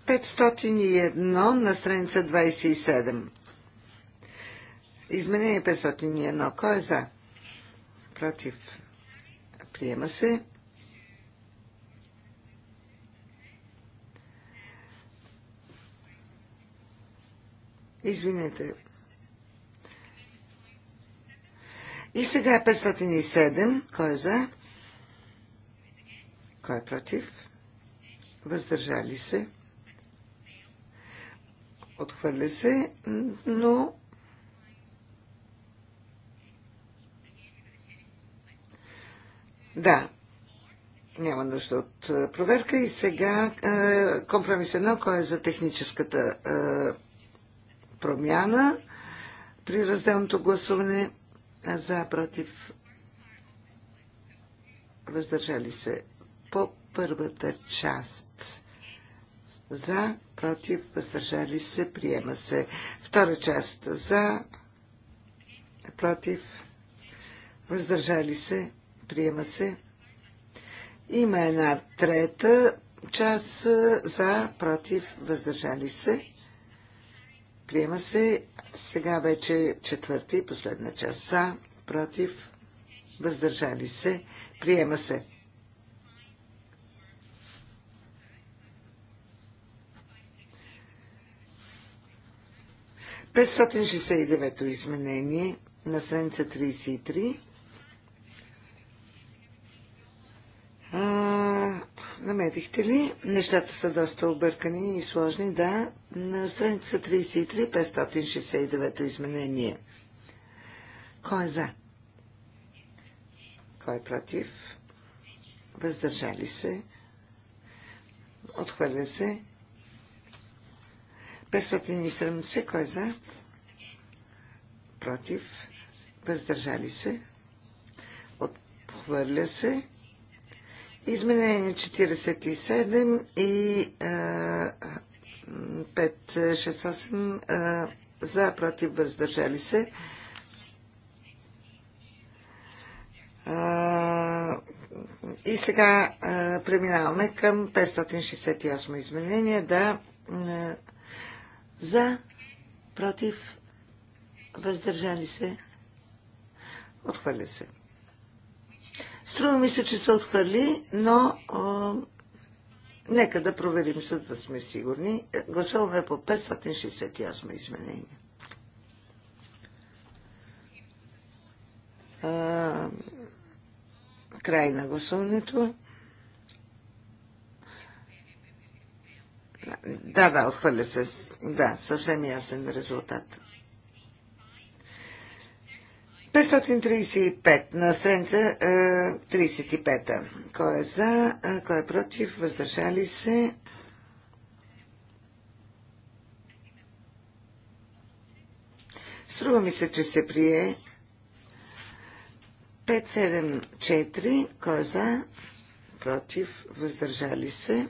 501 на страница 27. Изменение 501. Кой е за? Против. Приема се. Извинете. И сега 507. Е Кой е за? Кой е против? Въздържали се. Отхвърля се, но Да, няма нужда от е, проверка. И сега е, компромис едно, кой е за техническата е, промяна при разделното гласуване за, против, въздържали се по първата част. За, против, въздържали се, приема се. Втора част за, против, въздържали се, Приема се. Има една трета част за, против, въздържали се. Приема се. Сега вече четвърта и последна част за, против, въздържали се. Приема се. Петстотин изменение на страница 33. намерихте ли? Нещата са доста объркани и сложни, да. На страница 33, 569 изменение. Кой е за? Кой е против? Въздържали се? Отхвърля се? 570, кой е за? Против? Въздържали се? Отхвърля се? Изменение 47 и а, 568 за, против, въздържали се. А, и сега а, преминаваме към 568 изменение. Да, а, за, против, въздържали се. Отхвърля се. Струва ми се, че се отхвърли, но а, нека да проверим, за да сме сигурни. Е, гласуваме по 568 изменения. А, край на гласуването. Да, да, отхвърля се. Да, съвсем ясен резултат. 535 на страница 35. Е, кой е за, е, кой е против, въздържали се. Струва ми се, че се прие 574. Кой е за, против, въздържали се.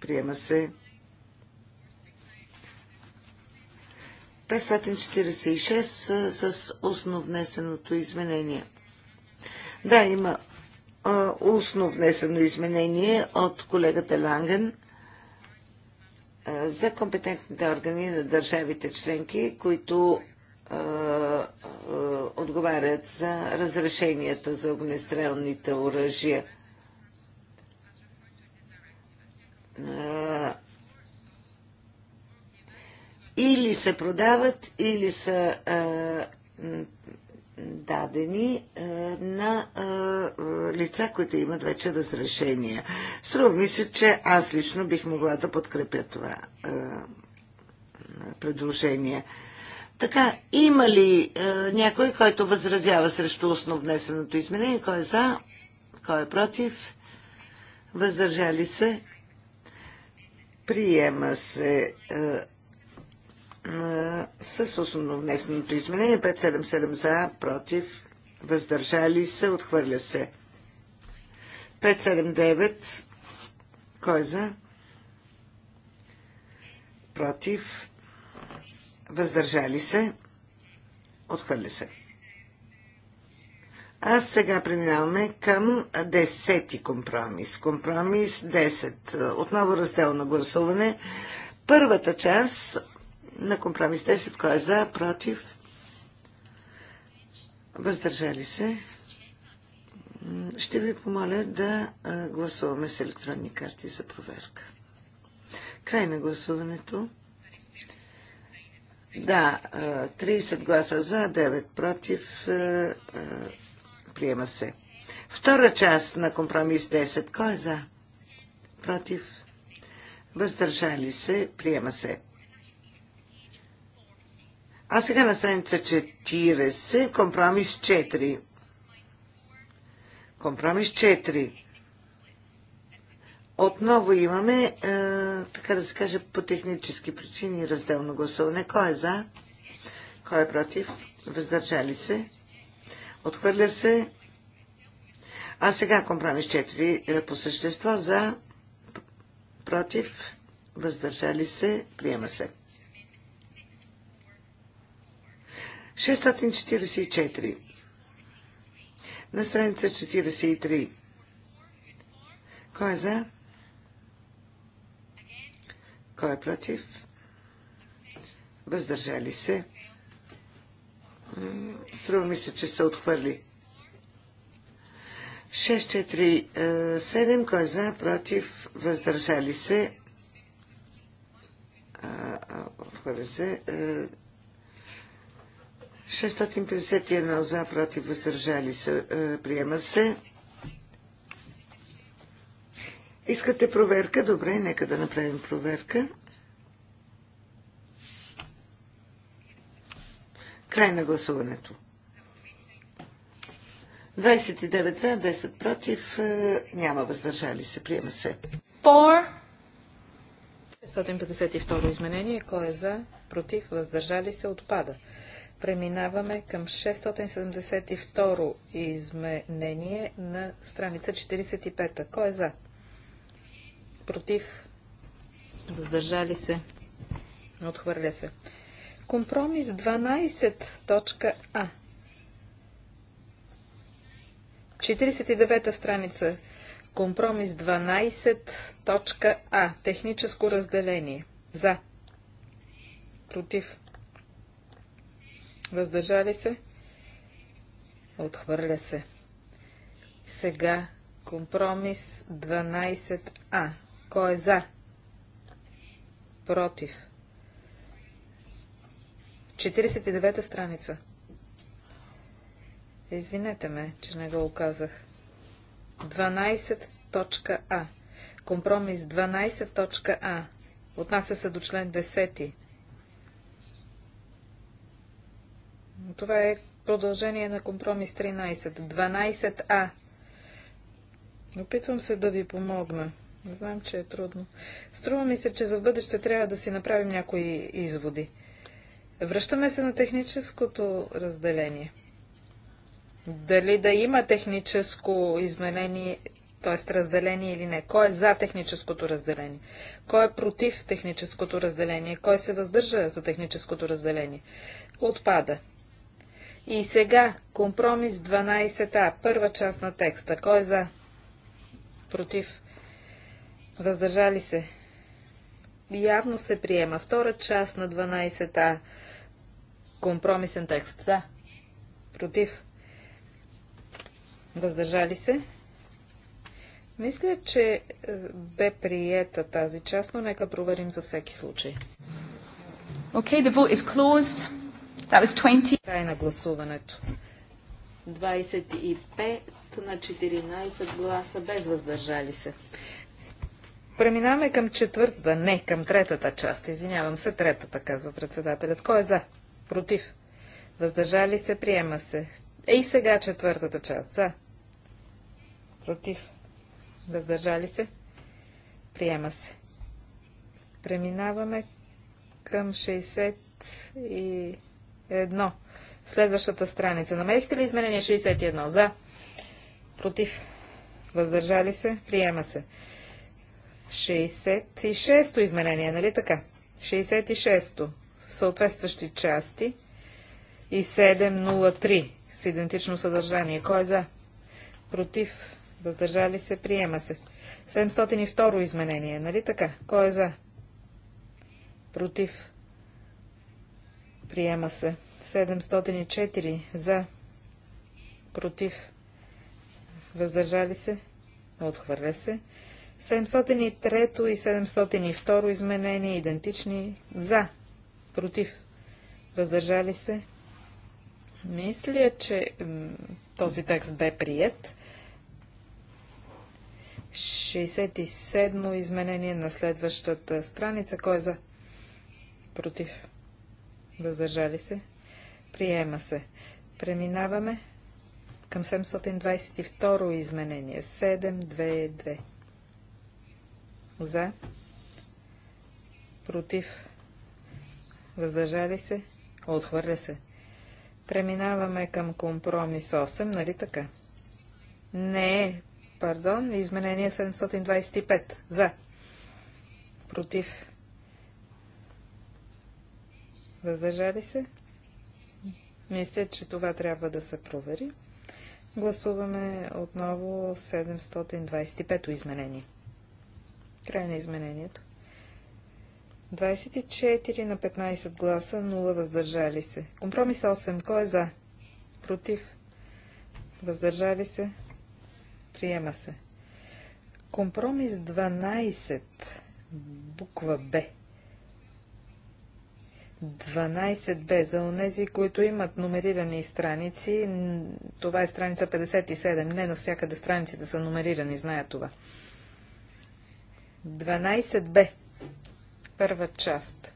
Приема се. 546 с основнесеното изменение. Да, има основнесено изменение от колегата Ланген за компетентните органи на държавите членки, които отговарят за разрешенията за огнестрелните оръжия или се продават, или са дадени на лица, които имат вече разрешения. Струва ми се, че аз лично бих могла да подкрепя това предложение. Така, има ли а, някой, който възразява срещу внесеното изменение? Кой е за? Кой е против? Въздържали се? Приема се А, с основно внесеното изменение 577 за, против, въздържали се, отхвърля се. 579, кой е за? Против, въздържали се, отхвърля се. А сега преминаваме към 10 компромис. Компромис 10. Отново разделно гласуване. Първата част на компромис 10. Кой е за, против, въздържали се. Ще ви помоля да гласуваме с електронни карти за проверка. Край на гласуването. Да, 30 гласа за, 9 против. Приема се. Втора част на компромис 10. Кой е за? Против. Въздържали се. Приема се. А сега на страница 40, компромис 4. Компромис 4. Отново имаме, е, така да се каже, по технически причини разделно гласуване. Кой е за? Кой е против? Въздържали се? Отхвърля се? А сега компромис 4 е по същество за, против, въздържали се, приема се. 644. На страница 43. Кой е за? Кой е против? Въздържали се. Струва ми се, че се отхвърли. 647. Кой е за? Против? Въздържали се. Отхвърля се. Е, 651 за, против, въздържали се, е, приема се. Искате проверка? Добре, нека да направим проверка. Край на гласуването. 29 за, 10 против, е, няма въздържали се, приема се. 4. 652 изменение, кой е за, против, въздържали се, отпада. Преминаваме към 672 изменение на страница 45. Кой е за? Против? Въздържали се? Отхвърля се. Компромис 12. Точка А. 49-та страница. Компромис 12. Точка А. Техническо разделение. За. Против. Въздържали се? Отхвърля се. Сега компромис 12А. Кой е за? Против. 49-та страница. Извинете ме, че не го оказах. 12.А. Компромис 12.А. Отнася се до член 10. Това е продължение на компромис 13. 12А. Опитвам се да ви помогна. Знам, че е трудно. Струва ми се, че за бъдеще трябва да си направим някои изводи. Връщаме се на техническото разделение. Дали да има техническо изменение, т.е. разделение или не? Кой е за техническото разделение? Кой е против техническото разделение? Кой се въздържа за техническото разделение? Отпада. И сега компромис 12а, първа част на текста. Кой е за? Против. Въздържали се. Явно се приема. Втора част на 12а. Компромисен текст. За. Против. Въздържали се. Мисля, че е, бе приета тази част, но нека проверим за всеки случай. Okay, the vote is closed. Край на гласуването. 25 на 14 гласа без въздържали се. Преминаваме към четвъртата, не, към третата част. Извинявам се, третата, казва председателят. Кой е за? Против. Въздържали се, приема се. Ей сега четвъртата част. За. Против. Въздържали се. Приема се. Преминаваме към 60 и 61. Следващата страница. Намерихте ли изменение 61? За. Против. Въздържали се. Приема се. 66-то изменение, нали така? 66-то. Съответстващи части. И 703 с идентично съдържание. Кой е за? Против. Въздържали се. Приема се. 702 изменение, нали така? Кой е за? Против. Приема се. 704 за. Против. Въздържали се. Отхвърля се. 703 и 702 изменения идентични за. Против. Въздържали се. Мисля, че този текст бе прият. 67 изменение на следващата страница. Кой е за? Против. Въздържали се. Приема се. Преминаваме към 722 изменение. 722. За. Против. Въздържали се. Отхвърля се. Преминаваме към компромис 8, нали така? Не, пардон, изменение 725. За. Против. Въздържали се? Мисля, че това трябва да се провери. Гласуваме отново 725-то изменение. Край на изменението. 24 на 15 гласа, 0 въздържали се. Компромис 8. Кой е за? Против? Въздържали се? Приема се. Компромис 12. Буква Б. 12b за онези, които имат номерирани страници. Това е страница 57. Не навсякъде страниците са номерирани, зная това. 12б. Първа част.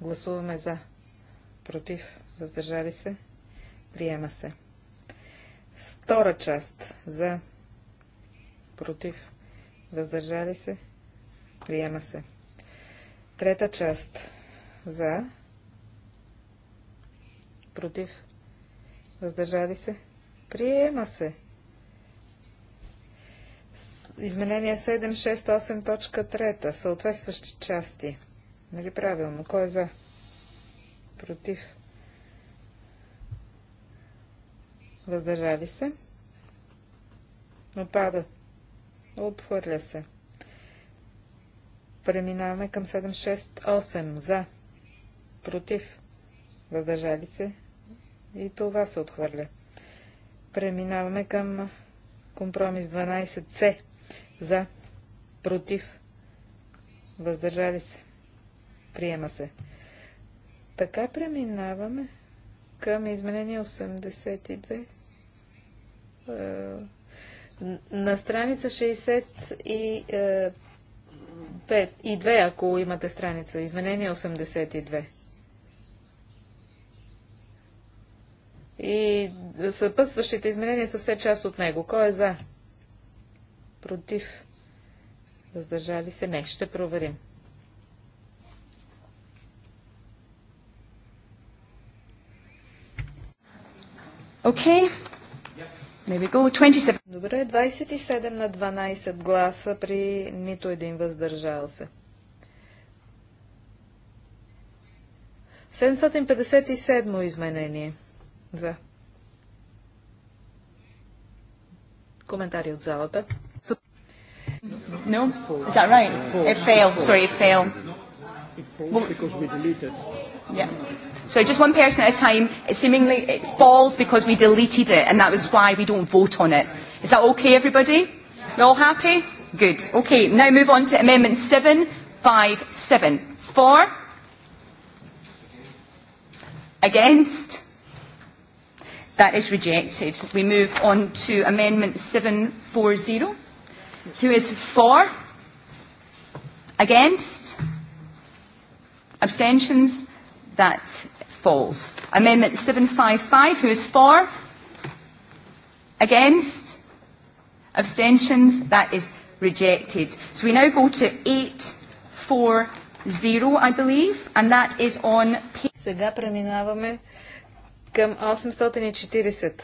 Гласуваме за. Против. Въздържали се. Приема се. Втора част. За. Против. Въздържали се. Приема се. Трета част за, против, въздържали се, приема се. Изменение 768.3. Съответстващи части. Нали правилно? Кой е за? Против. Въздържали се. Отпада. Отхвърля се. Преминаваме към 768. За против, въздържали се и това се отхвърля. Преминаваме към компромис 12C за против, въздържали се, приема се. Така преминаваме към изменение 82. Е, на страница 65 и, е, и 2, ако имате страница, изменение 82. И съпътстващите изменения са все част от него. Кой е за? Против? Въздържали се? Не. Ще проверим. Окей. Добре, 27 на 12 гласа при нито един въздържал се. 757 изменение. За. Коментари от залата. No? Is that right? It failed. Sorry, it failed. It falls because we deleted. Yeah. So just one person at a time. It seemingly it falls because we deleted it, and that was why we don't vote on it. Is that okay, everybody? You all happy? Good. Okay. Now move on to Amendment seven, five, seven. For. Against. That is rejected. We move on to Amendment 740. Who is for? Against? Abstentions? That falls. Amendment 755. Who is for? Against? Abstentions? That is rejected. So we now go to 840, I believe, and that is on... Сега преминаваме към 840.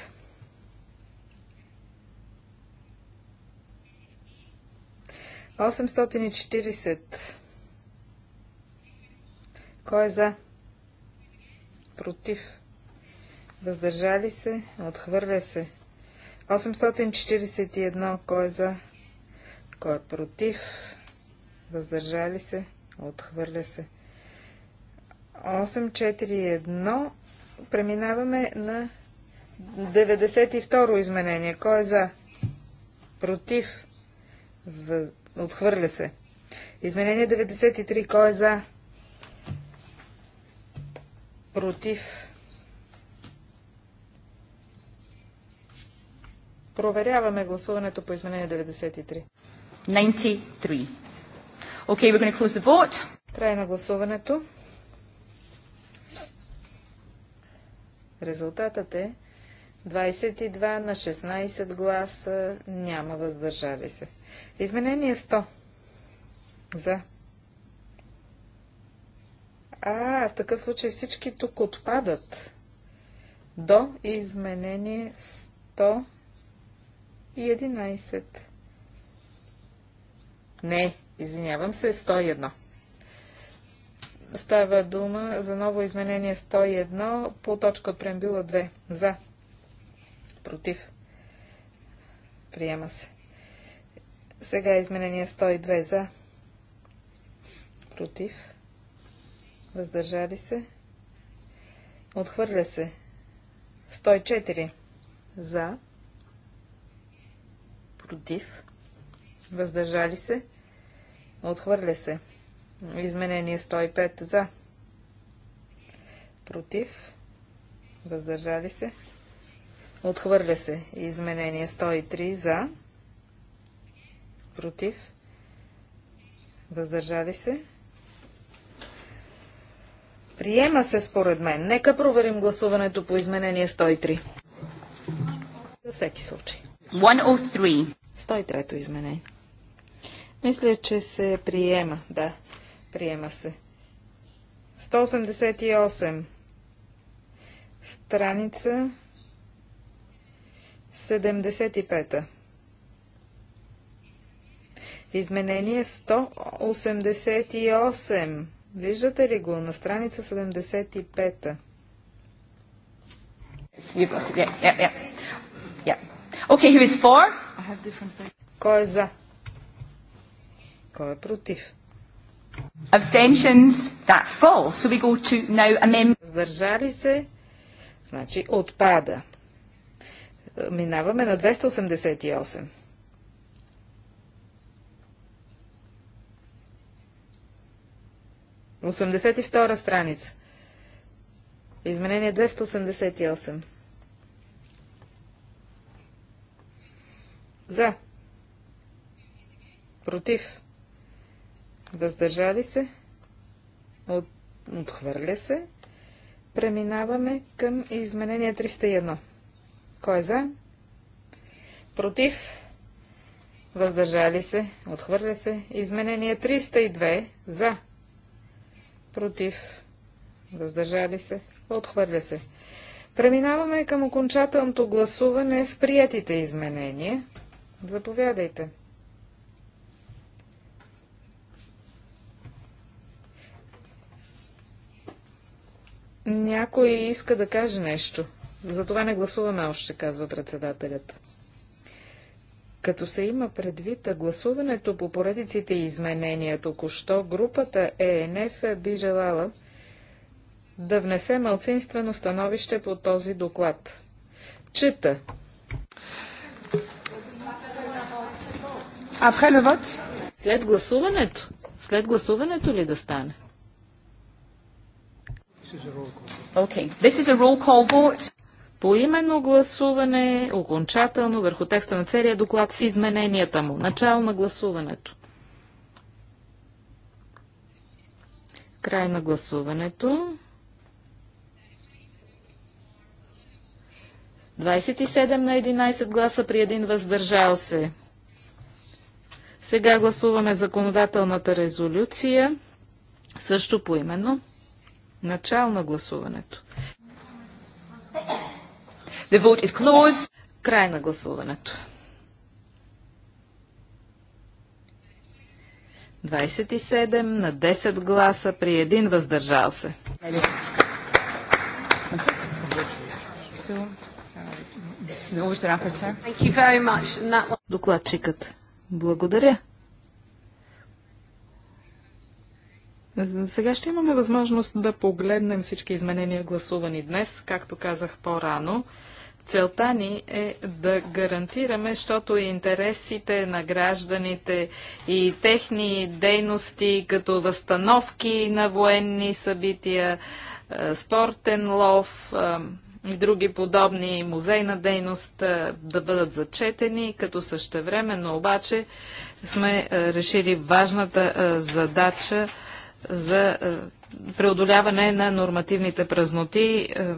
Осемстотин и Кой е за? Против. Въздържали се? Отхвърля се. 841. Кой е за? Кой е против? Въздържали се? Отхвърля се. 841 преминаваме на 92-ро изменение. Кой е за? Против? В... Отхвърля се. Изменение 93. Кой е за? Против? Проверяваме гласуването по изменение 93. 93. Okay, we're going to close the vote. Край на гласуването. Резултатът е 22 на 16 гласа, няма въздържали се. Изменение 100. За. А, в такъв случай всички тук отпадат. До изменение 111. Не, извинявам се, 101. Става дума за ново изменение 101 по точка от преамбюла 2. За. Против. Приема се. Сега е изменение 102 за. Против. Въздържали се. Отхвърля се. 104 за. Против. Въздържали се. Отхвърля се. Изменение 105 за. Против. Въздържали се. Отхвърля се. Изменение 103 за. Против. Въздържали се. Приема се според мен. Нека проверим гласуването по изменение 103. За всеки случай. 103. 103-то изменение. Мисля, че се приема, да. Приема се. 188. Страница 75. Изменение 188. Виждате ли го на страница 75? Yeah, yeah, yeah. Okay, Кой е за? Кой е против? Въздържали се, значи отпада. Минаваме на 288. Осемдесет и втора страница. Изменение 288. За. Против въздържали се, от... отхвърля се. Преминаваме към изменение 301. Кой е за? Против, въздържали се, отхвърля се. Изменение 302 за, против, въздържали се, отхвърля се. Преминаваме към окончателното гласуване с приятите изменения. Заповядайте. Някой иска да каже нещо. Затова не гласуваме още, казва председателят. Като се има предвид гласуването по поредиците и изменения току-що, групата ЕНФ би желала да внесе малцинствено становище по този доклад. Чита. След гласуването? След гласуването ли да стане? Okay. This is a roll call vote. Поименно гласуване, окончателно, върху текста на целия доклад с измененията му. Начало на гласуването. Край на гласуването. 27 на 11 гласа при един въздържал се. Сега гласуваме законодателната резолюция, също поименно. Начало на гласуването. The vote is closed. Край на гласуването. 27 на 10 гласа при един въздържал се. Докладчикът. Благодаря. Сега ще имаме възможност да погледнем всички изменения гласувани днес, както казах по-рано. Целта ни е да гарантираме, защото интересите на гражданите и техни дейности, като възстановки на военни събития, е, спортен лов е, и други подобни музейна дейност е, да бъдат зачетени, като същевременно обаче сме решили важната задача за е, преодоляване на нормативните празноти е,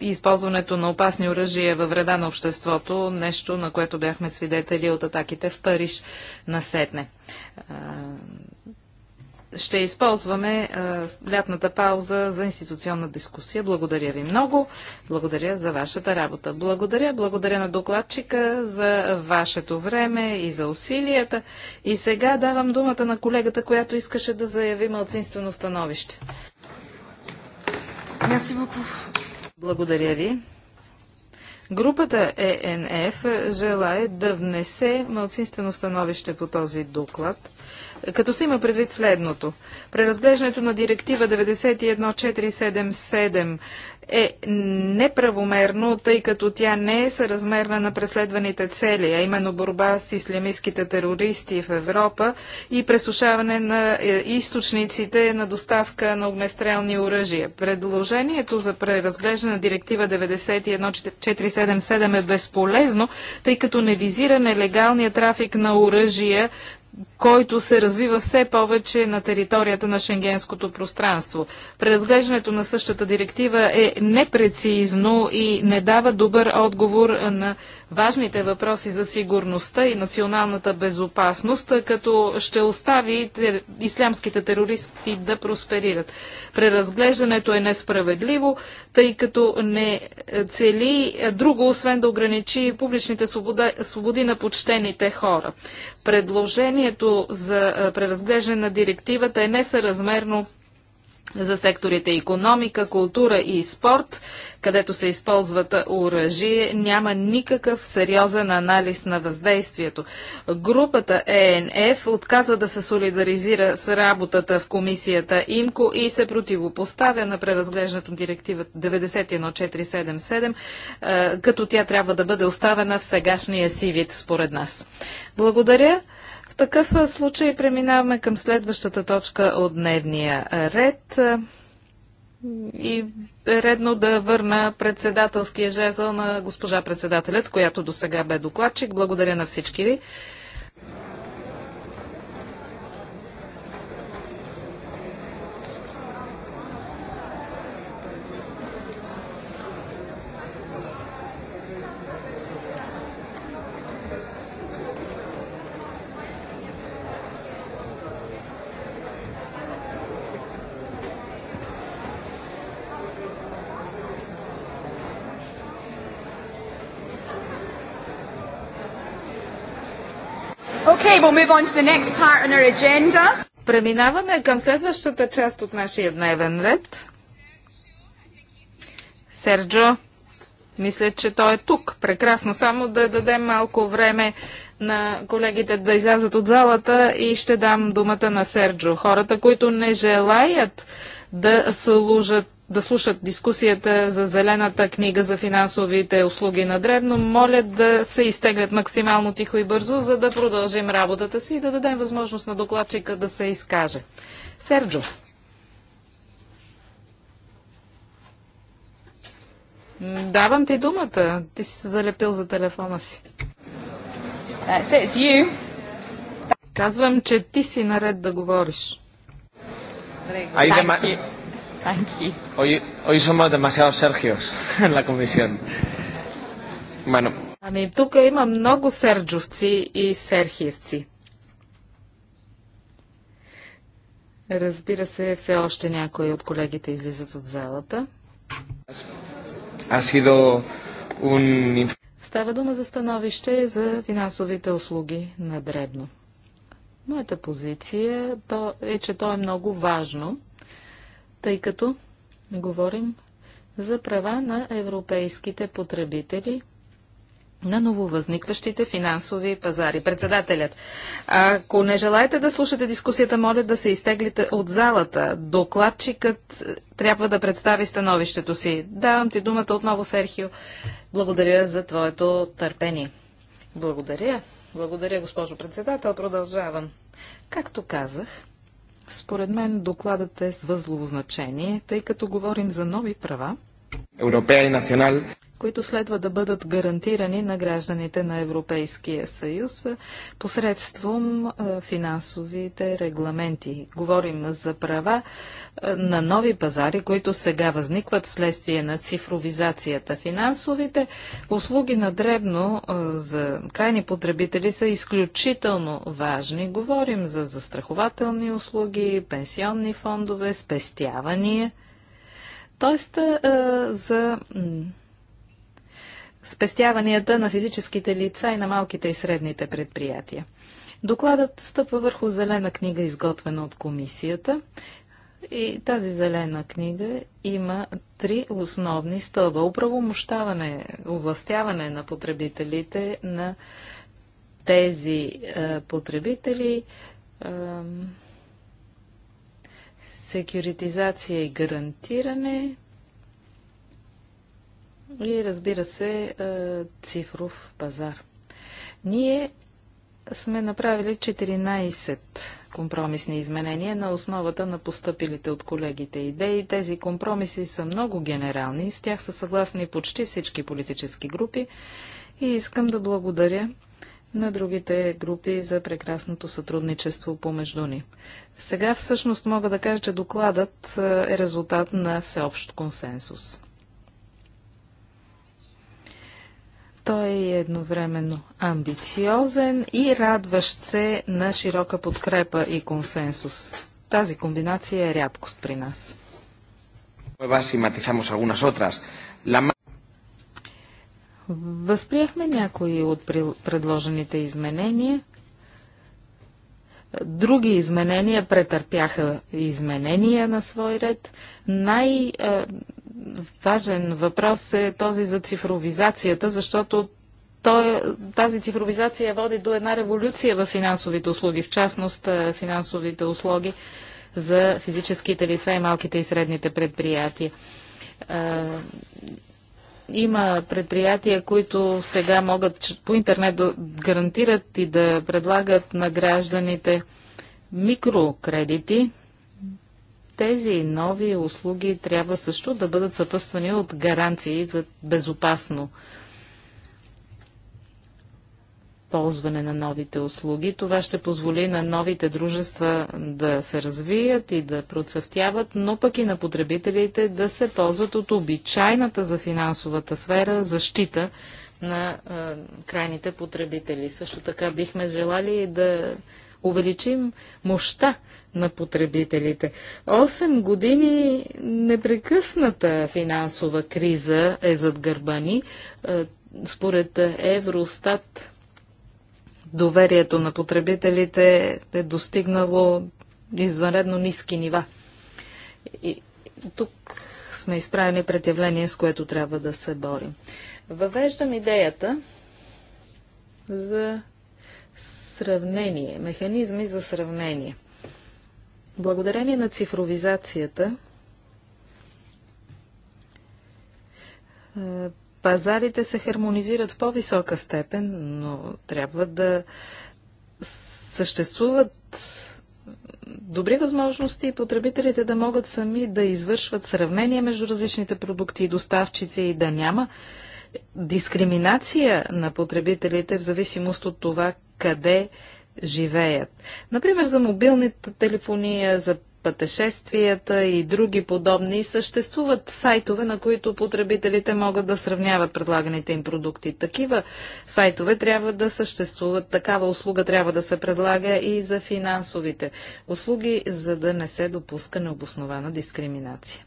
и използването на опасни оръжия във вреда на обществото, нещо на което бяхме свидетели от атаките в Париж на Сетне ще използваме а, е, лятната пауза за институционна дискусия. Благодаря ви много. Благодаря за вашата работа. Благодаря. Благодаря на докладчика за вашето време и за усилията. И сега давам думата на колегата, която искаше да заяви мълцинствено становище. Благодаря ви. Групата е ЕНФ желая да внесе мълцинствено становище по този доклад. Като се има предвид следното, преразглеждането на директива 91477 е неправомерно, тъй като тя не е съразмерна на преследваните цели, а именно борба с ислямистските терористи в Европа и пресушаване на е, източниците на доставка на огнестрелни оръжия. Предложението за преразглеждане на директива 91477 е безполезно, тъй като не визира нелегалния трафик на оръжия който се развива все повече на територията на шенгенското пространство. Преразглеждането на същата директива е непрецизно и не дава добър отговор на важните въпроси за сигурността и националната безопасност, като ще остави тер... ислямските терористи да просперират. Преразглеждането е несправедливо, тъй като не е, цели е, друго, освен да ограничи публичните свобода... свободи на почтените хора. Предложението за е, преразглеждане на директивата е несъразмерно за секторите економика, култура и спорт, където се използват оръжие, няма никакъв сериозен анализ на въздействието. Групата ЕНФ отказа да се солидаризира с работата в комисията ИМКО и се противопоставя на преразглеждането директива 91477, е, като тя трябва да бъде оставена в сегашния си вид, според нас. Благодаря. В такъв случай преминаваме към следващата точка от дневния ред и е редно да върна председателския жезъл на госпожа председателят, която до сега бе докладчик. Благодаря на всички ви. Преминаваме към следващата част от нашия дневен ред. Серджо, мисля, че той е тук. Прекрасно. Само да дадем малко време на колегите да излязат от залата и ще дам думата на Серджо. Хората, които не желаят да служат да слушат дискусията за зелената книга за финансовите услуги на Дребно, моля да се изтеглят максимално тихо и бързо, за да продължим работата си и да дадем възможност на докладчика да се изкаже. Серджо. Давам ти думата. Ти си се залепил за телефона си. Казвам, че ти си наред да говориш. Айде, Thank you. Hoy, hoy somos demasiados Sergios en la comisión. Bueno. Ами тук има много серджовци и серхиевци. Разбира се, все още някои от колегите излизат от залата. Става дума за становище за финансовите услуги на Дребно. Моята позиция то е, че то е много важно тъй като говорим за права на европейските потребители на нововъзникващите финансови пазари. Председателят, ако не желаете да слушате дискусията, моля да се изтеглите от залата. Докладчикът трябва да представи становището си. Давам ти думата отново, Серхио. Благодаря за твоето търпение. Благодаря. Благодаря, госпожо председател. Продължавам. Както казах, според мен докладът е с възлово значение, тъй като говорим за нови права. Европея и национал които следва да бъдат гарантирани на гражданите на Европейския съюз посредством финансовите регламенти. Говорим за права на нови пазари, които сега възникват следствие на цифровизацията. Финансовите услуги на дребно за крайни потребители са изключително важни. Говорим за застрахователни услуги, пенсионни фондове, спестявания. Тоест, за спестяванията на физическите лица и на малките и средните предприятия. Докладът стъпва върху зелена книга, изготвена от комисията. И тази зелена книга има три основни стълба. Управомощаване, овластяване на потребителите, на тези е, потребители, е, секюритизация и гарантиране, и разбира се цифров пазар. Ние сме направили 14 компромисни изменения на основата на постъпилите от колегите идеи. Тези компромиси са много генерални, с тях са съгласни почти всички политически групи и искам да благодаря на другите групи за прекрасното сътрудничество помежду ни. Сега всъщност мога да кажа, че докладът е резултат на всеобщ консенсус. Той е едновременно амбициозен и радващ се на широка подкрепа и консенсус. Тази комбинация е рядкост при нас. Възприехме някои от предложените изменения. Други изменения претърпяха изменения на свой ред. Най- важен въпрос е този за цифровизацията, защото той, тази цифровизация води до една революция в финансовите услуги, в частност е, финансовите услуги за физическите лица и малките и средните предприятия. Е, има предприятия, които сега могат по интернет да гарантират и да предлагат на гражданите микрокредити, тези нови услуги трябва също да бъдат съпъствани от гаранции за безопасно ползване на новите услуги. Това ще позволи на новите дружества да се развият и да процъфтяват, но пък и на потребителите да се ползват от обичайната за финансовата сфера защита на е, крайните потребители. Също така бихме желали да увеличим мощта на потребителите. 8 години непрекъсната финансова криза е зад гърба ни. Е, според Евростат доверието на потребителите е достигнало извънредно ниски нива. И тук сме изправени пред явление, с което трябва да се борим. Въвеждам идеята за сравнение, механизми за сравнение. Благодарение на цифровизацията, пазарите се хармонизират в по-висока степен, но трябва да съществуват добри възможности и потребителите да могат сами да извършват сравнение между различните продукти и доставчици и да няма дискриминация на потребителите в зависимост от това къде живеят. Например, за мобилната телефония, за пътешествията и други подобни, съществуват сайтове, на които потребителите могат да сравняват предлаганите им продукти. Такива сайтове трябва да съществуват, такава услуга трябва да се предлага и за финансовите услуги, за да не се допуска необоснована дискриминация.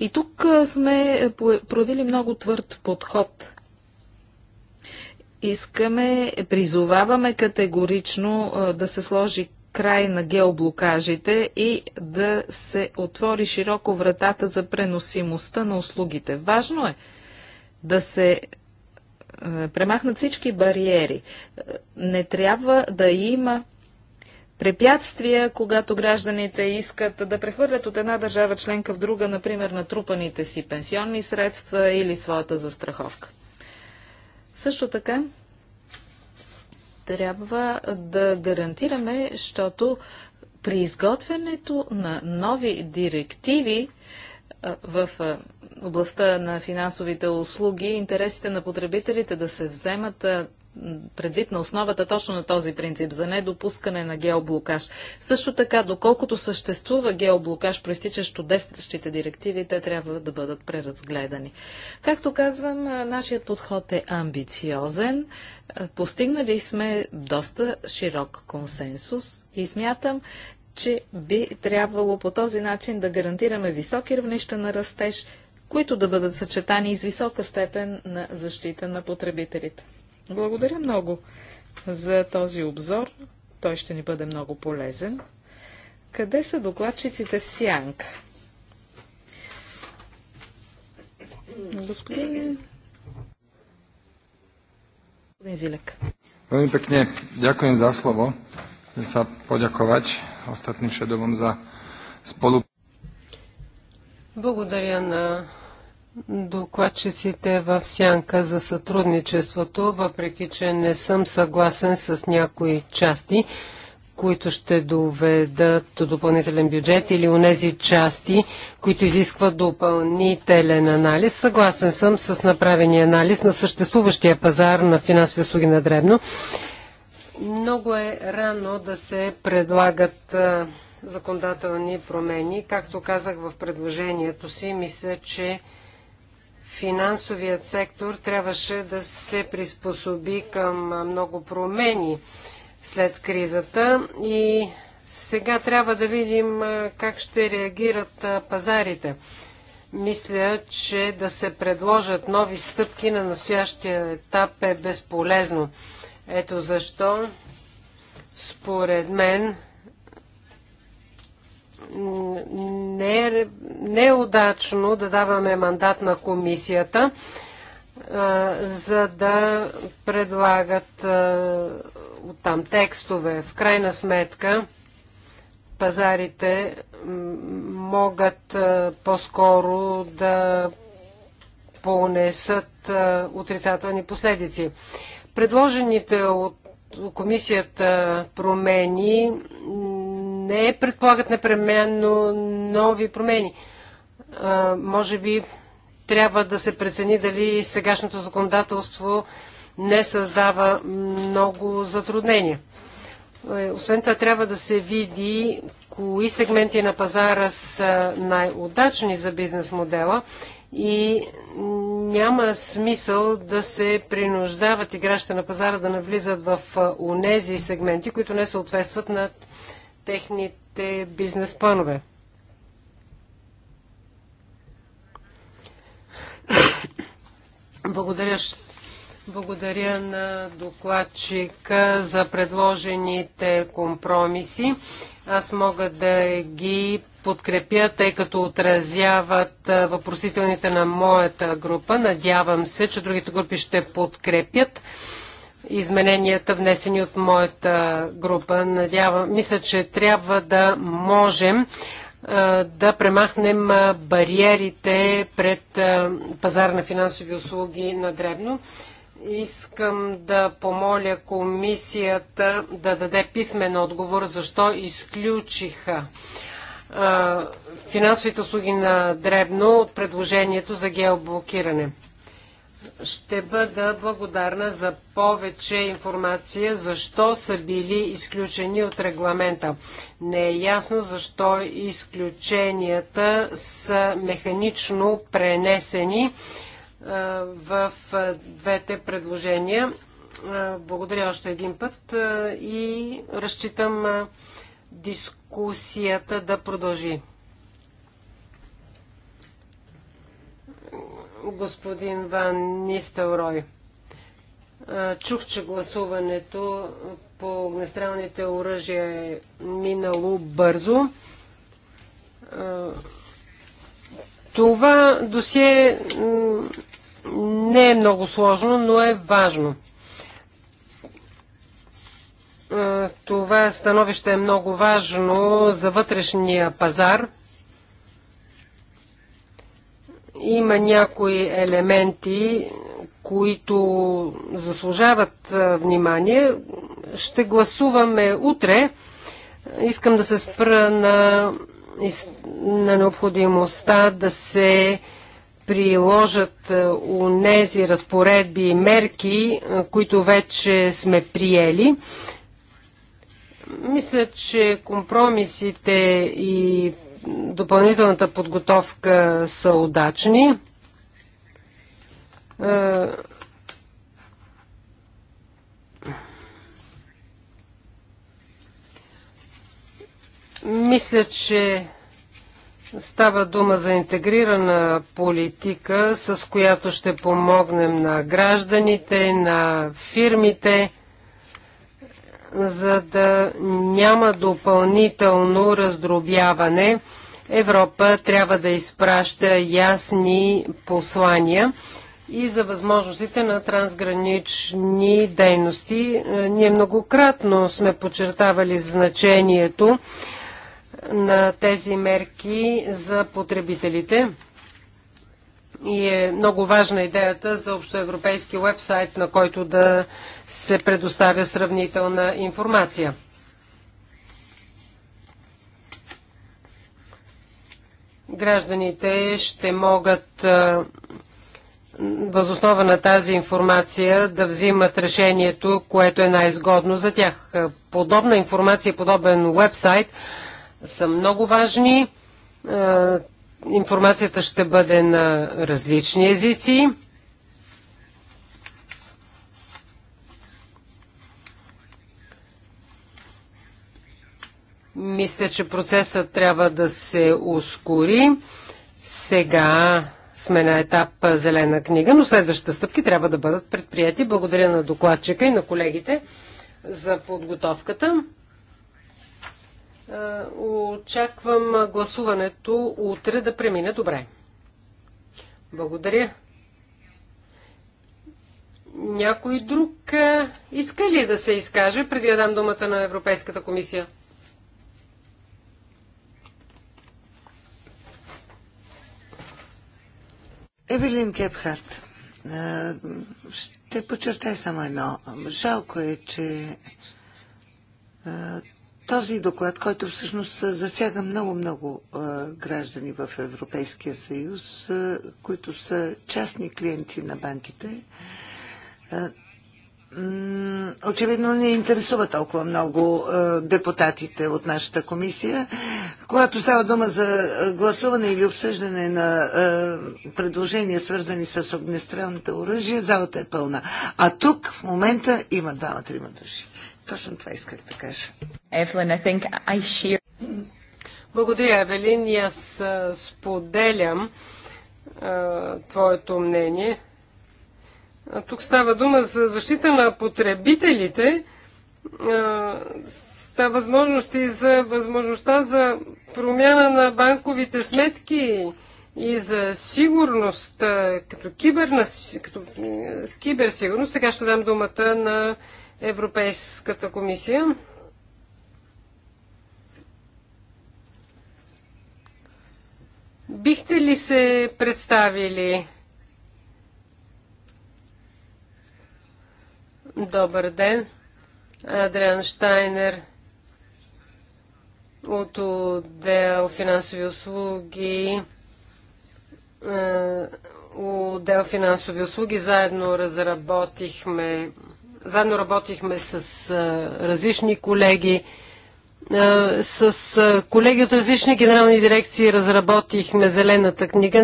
И тук сме проявили много твърд подход искаме, призоваваме категорично да се сложи край на геоблокажите и да се отвори широко вратата за преносимостта на услугите. Важно е да се премахнат всички бариери. Не трябва да има препятствия, когато гражданите искат да прехвърлят от една държава членка в друга, например, натрупаните си пенсионни средства или своята застраховка. Също така, трябва да гарантираме, защото при изготвянето на нови директиви в областта на финансовите услуги, интересите на потребителите да се вземат предвид на основата точно на този принцип за недопускане на геоблокаж. Също така, доколкото съществува геоблокаж, проистичащо действащите директиви, те трябва да бъдат преразгледани. Както казвам, нашият подход е амбициозен. Постигнали сме доста широк консенсус и смятам, че би трябвало по този начин да гарантираме високи равнища на растеж, които да бъдат съчетани с висока степен на защита на потребителите. Благодаря много за този обзор. Той ще ни бъде много полезен. Къде са докладчиците в Сянка? Господин... Господин Зилек. Veľmi pekne ďakujem за slovo. Chcem sa poďakovať ostatným šedovom за spolu. Благодаря на докладчиците в сянка за сътрудничеството, въпреки че не съм съгласен с някои части, които ще доведат до допълнителен бюджет или унези части, които изискват допълнителен анализ. Съгласен съм с направения анализ на съществуващия пазар на финансови услуги на Дребно. Много е рано да се предлагат законодателни промени. Както казах в предложението си, мисля, че финансовият сектор трябваше да се приспособи към много промени след кризата и сега трябва да видим как ще реагират пазарите. Мисля, че да се предложат нови стъпки на настоящия етап е безполезно. Ето защо, според мен, не е, неудачно е да даваме мандат на комисията, за да предлагат там текстове. В крайна сметка, пазарите могат по-скоро да понесат отрицателни последици. Предложените от комисията промени не предполагат непременно нови промени. А, може би трябва да се прецени дали сегашното законодателство не създава много затруднения. Е, освен това трябва да се види кои сегменти на пазара са най-удачни за бизнес модела и няма смисъл да се принуждават играчите на пазара да навлизат в унези сегменти, които не съответстват на техните бизнес планове. Благодаря. Благодаря на докладчика за предложените компромиси. Аз мога да ги подкрепя, тъй като отразяват въпросителните на моята група. Надявам се, че другите групи ще подкрепят измененията, внесени от моята група. Надявам, мисля, че трябва да можем да премахнем бариерите пред пазар на финансови услуги на дребно. Искам да помоля комисията да даде писмен отговор защо изключиха финансовите услуги на дребно от предложението за геоблокиране ще бъда благодарна за повече информация защо са били изключени от регламента. Не е ясно защо изключенията са механично пренесени в двете предложения. Благодаря още един път и разчитам дискусията да продължи. господин Ван Нистелрой. Чух, че гласуването по огнестрелните оръжия е минало бързо. Това досие не е много сложно, но е важно. Това становище е много важно за вътрешния пазар – има някои елементи, които заслужават внимание. Ще гласуваме утре. Искам да се спра на, на необходимостта да се приложат унези разпоредби и мерки, които вече сме приели. Мисля, че компромисите и допълнителната подготовка са удачни. Е, мисля, че става дума за интегрирана политика, с която ще помогнем на гражданите, на фирмите за да няма допълнително раздробяване, Европа трябва да изпраща ясни послания и за възможностите на трансгранични дейности. Е, ние многократно сме подчертавали значението на тези мерки за потребителите и е много важна идеята за общоевропейски вебсайт, на който да се предоставя сравнителна информация. Гражданите ще могат възоснова на тази информация да взимат решението, което е най-изгодно за тях. Подобна информация, подобен вебсайт са много важни Информацията ще бъде на различни езици. Мисля, че процесът трябва да се ускори. Сега сме на етап зелена книга, но следващите стъпки трябва да бъдат предприяти. Благодаря на докладчика и на колегите за подготовката. Е, очаквам гласуването утре да премине добре. Благодаря. Някой друг е, иска ли да се изкаже преди да дам думата на Европейската комисия? Евелин Гепхарт, е, ще подчертай само едно. Жалко е, че този доклад, който всъщност засяга много-много граждани в Европейския съюз, които са частни клиенти на банките, очевидно не интересува толкова много депутатите от нашата комисия. Когато става дума за гласуване или обсъждане на предложения, свързани с огнестрелните оръжия, залата е пълна. А тук в момента има двама-трима души. Точно това исках да кажа. I think I share... Благодаря, Евелин. И аз споделям а, твоето мнение. А, тук става дума за защита на потребителите. А, ста възможности за възможността за промяна на банковите сметки и за сигурност, като, киберна, като киберсигурност. Сега ще дам думата на Европейската комисия. Бихте ли се представили? Добър ден. Адриан Штайнер от отдел финансови услуги е, отдел финансови услуги заедно разработихме заедно работихме с е, различни колеги е, с е, колеги от различни генерални дирекции разработихме зелената книга.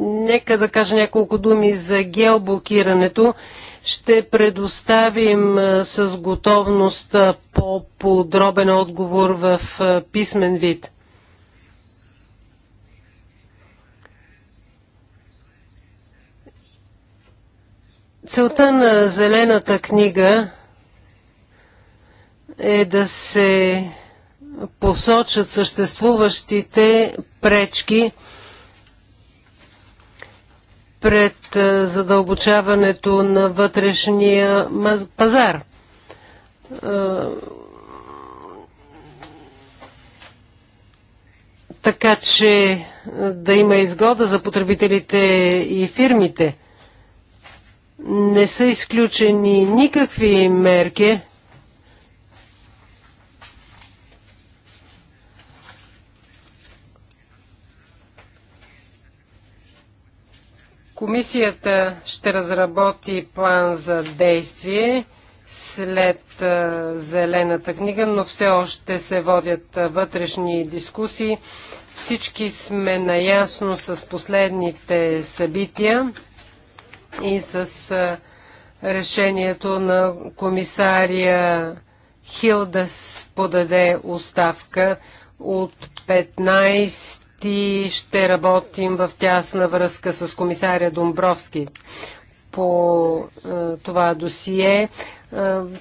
Нека да кажа няколко думи за геоблокирането. Ще предоставим е, с готовност по-подробен отговор в писмен вид. Целта на зелената книга е да се посочат съществуващите пречки пред е, задълбочаването на вътрешния пазар. Е, така че е, да има изгода за потребителите и фирмите. Не са изключени никакви мерки, Комисията ще разработи план за действие след зелената книга, но все още се водят вътрешни дискусии. Всички сме наясно с последните събития и с решението на комисария Хил да подаде оставка от 15 ти ще работим в тясна връзка с комисаря Домбровски по е, това досие. Е,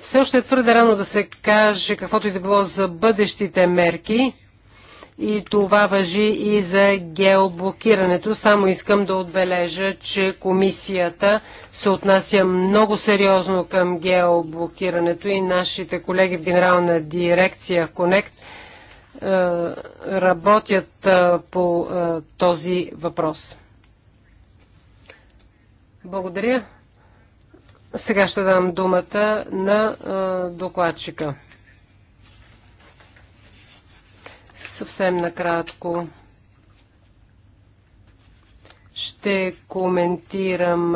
все още е твърде рано да се каже каквото и да било за бъдещите мерки и това въжи и за геоблокирането. Само искам да отбележа, че комисията се отнася много сериозно към геоблокирането и нашите колеги в Генерална дирекция Конект – е, работят е, по е, този въпрос. Благодаря. Сега ще дам думата на докладчика. Съвсем накратко. Ще коментирам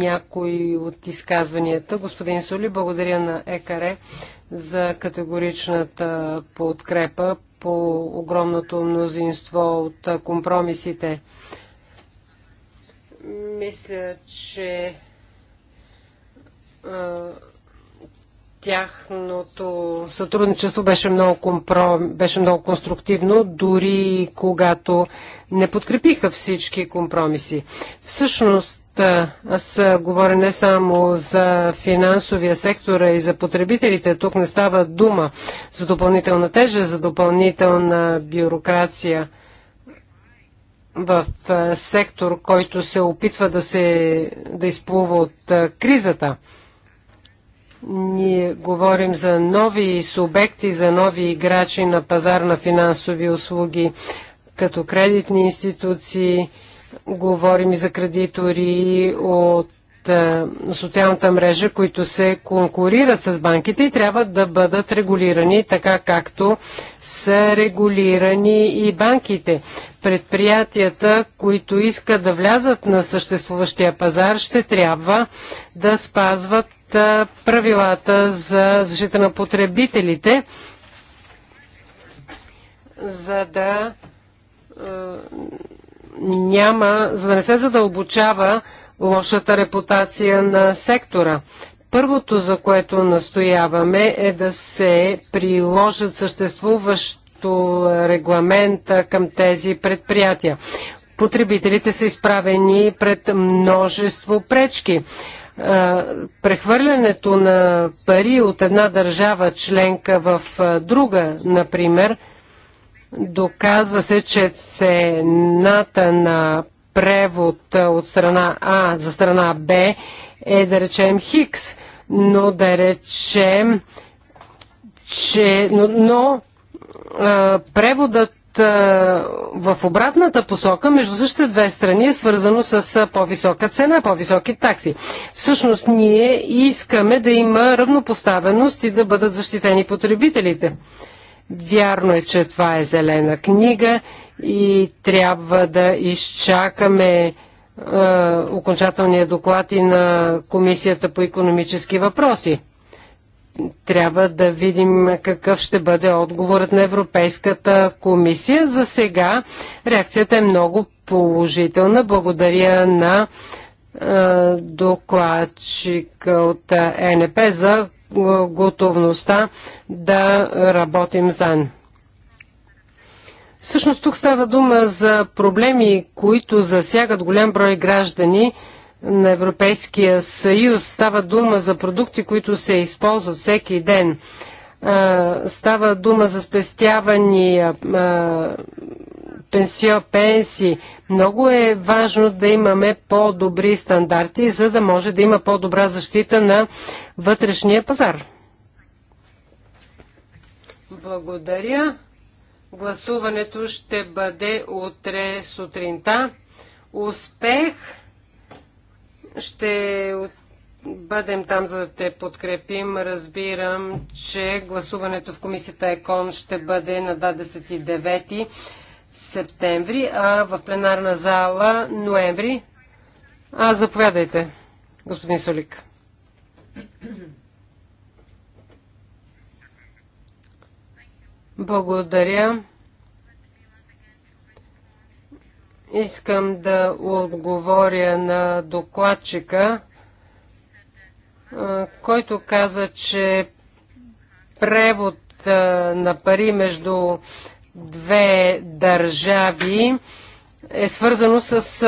някои от изказванията. Господин Соли, благодаря на ЕКАРЕ за категоричната подкрепа по огромното мнозинство от компромисите. Мисля, че Тяхното сътрудничество беше много, компро... беше много конструктивно, дори когато не подкрепиха всички компромиси. Всъщност, аз говоря не само за финансовия сектор и за потребителите. Тук не става дума за допълнителна тежест, за допълнителна бюрокрация в сектор, който се опитва да, се, да изплува от кризата. Ние говорим за нови субекти, за нови играчи на пазар на финансови услуги, като кредитни институции, говорим и за кредитори от е, социалната мрежа, които се конкурират с банките и трябва да бъдат регулирани така както са регулирани и банките. Предприятията, които искат да влязат на съществуващия пазар, ще трябва да спазват правилата за защита на потребителите, за да няма, за да не се задълбочава лошата репутация на сектора. Първото, за което настояваме, е да се приложат съществуващо регламента към тези предприятия. Потребителите са изправени пред множество пречки. Е, прехвърлянето на пари от една държава членка в е, друга, например, доказва се, че цената на превод е, от страна А за страна Б е да речем Хикс, но да речем, че, но, но а, преводът в обратната посока между същите две страни е свързано с по-висока цена, по-високи такси. Всъщност ние искаме да има равнопоставеност и да бъдат защитени потребителите. Вярно е, че това е зелена книга и трябва да изчакаме е, окончателния доклад и на Комисията по економически въпроси трябва да видим какъв ще бъде отговорът на Европейската комисия. За сега реакцията е много положителна. Благодаря на е, докладчика от е НП за готовността да работим заедно. Всъщност тук става дума за проблеми, които засягат голям брой граждани – на Европейския съюз. Става дума за продукти, които се използват всеки ден. Става дума за спестявани пенсио, пенсии. Много е важно да имаме по-добри стандарти, за да може да има по-добра защита на вътрешния пазар. Благодаря. Гласуването ще бъде утре сутринта. Успех! Ще бъдем там, за да те подкрепим. Разбирам, че гласуването в комисията ЕКОН ще бъде на 29 септември, а в пленарна зала ноември. А, заповядайте, господин Солик. Благодаря. Искам да отговоря на докладчика, който каза, че превод на пари между две държави е свързано с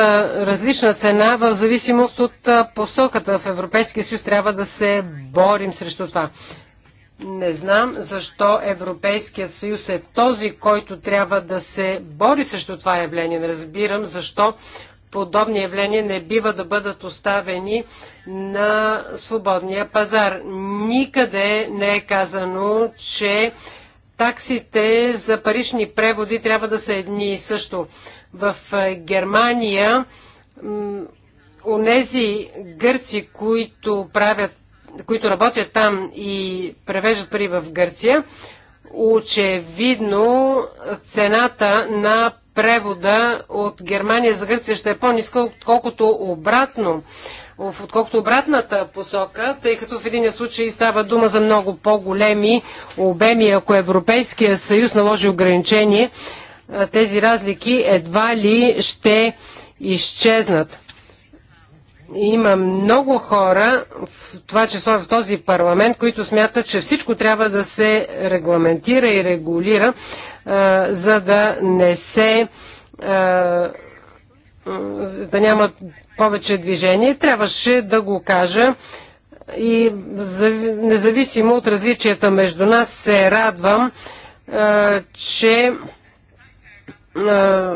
различна цена в зависимост от посоката. В Европейския съюз трябва да се борим срещу това. Не знам защо Европейският съюз е този, който трябва да се бори срещу това явление. Не разбирам защо подобни явления не бива да бъдат оставени на свободния пазар. Никъде не е казано, че таксите за парични преводи трябва да са едни и също. В Германия нези гърци, които правят които работят там и превеждат пари в Гърция, очевидно цената на превода от Германия за Гърция ще е по-ниска, отколкото обратно отколкото обратната посока, тъй като в един случай става дума за много по-големи обеми, ако Европейския съюз наложи ограничение, тези разлики едва ли ще изчезнат. Има много хора, в това число в този парламент, които смятат, че всичко трябва да се регламентира и регулира, а, за да не се. А, да няма повече движение. Трябваше да го кажа и независимо от различията между нас се радвам, а, че а,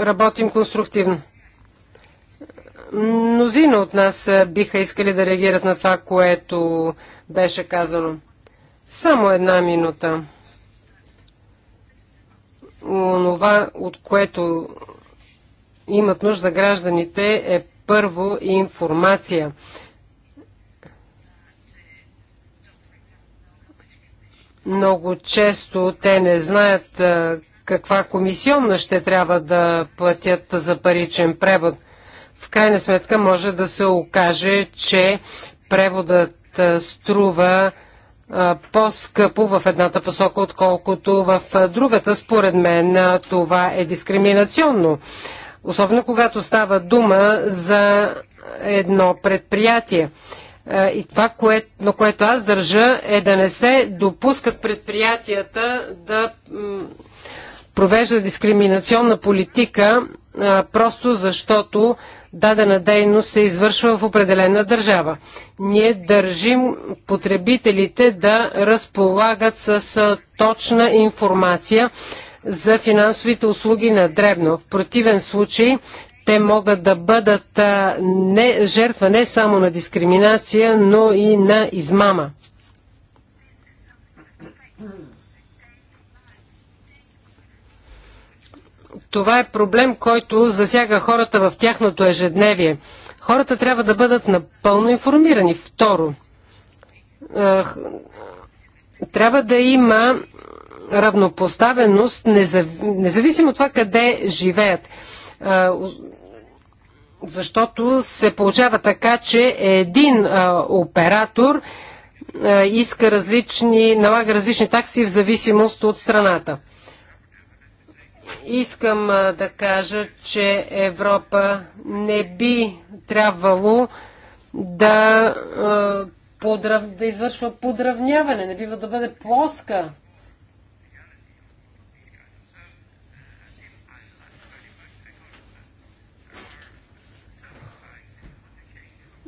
работим конструктивно. Мнозина от нас биха искали да реагират на това, което беше казано. Само една минута. Онова, от което имат нужда гражданите, е първо информация. Много често те не знаят каква комисионна ще трябва да платят за паричен превод – в крайна сметка може да се окаже, че преводът струва по-скъпо в едната посока, отколкото в другата. Според мен това е дискриминационно. Особено когато става дума за едно предприятие. И това, кое, на което аз държа, е да не се допускат предприятията да провежда дискриминационна политика просто защото дадена дейност се извършва в определена държава. Ние държим потребителите да разполагат с точна информация за финансовите услуги на дребно. В противен случай те могат да бъдат не, жертва не само на дискриминация, но и на измама. това е проблем, който засяга хората в тяхното ежедневие. Хората трябва да бъдат напълно информирани. Второ, е, трябва да има равнопоставеност, независимо от това къде живеят. Е, защото се получава така, че един е, оператор иска различни, налага различни такси в зависимост от страната. Искам да кажа, че Европа не би трябвало да, подрав... да извършва подравняване, не бива да бъде плоска.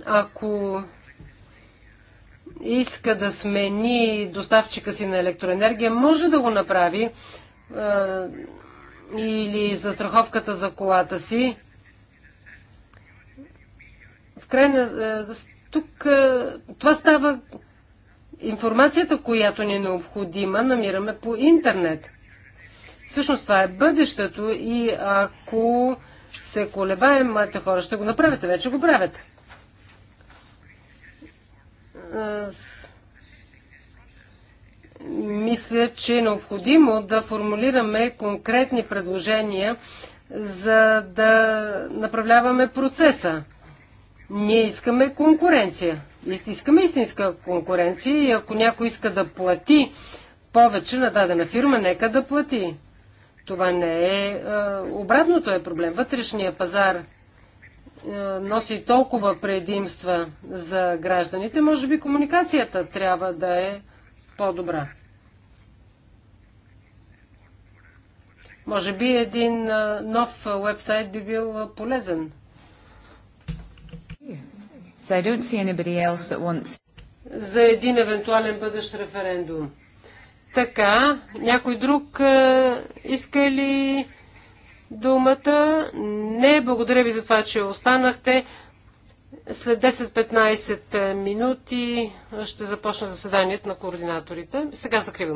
Ако иска да смени доставчика си на електроенергия, може да го направи или за страховката за колата си. В крайна... Е, тук е, това става... Информацията, която ни е необходима, намираме по интернет. Всъщност това е бъдещето и ако се колебаем, младите хора ще го направят. Вече го правят е, мисля, че е необходимо да формулираме конкретни предложения, за да направляваме процеса. Ние искаме конкуренция. Искаме истинска конкуренция и ако някой иска да плати повече на дадена фирма, нека да плати. Това не е. е обратното е проблем. Вътрешния пазар е, носи толкова предимства за гражданите, може би комуникацията трябва да е по-добра. Може би един нов вебсайт би бил полезен. So wants... За един евентуален бъдещ референдум. Така, някой друг иска ли думата? Не, благодаря ви за това, че останахте. След 10-15 е, минути ще започна заседанието на координаторите. Сега закривам.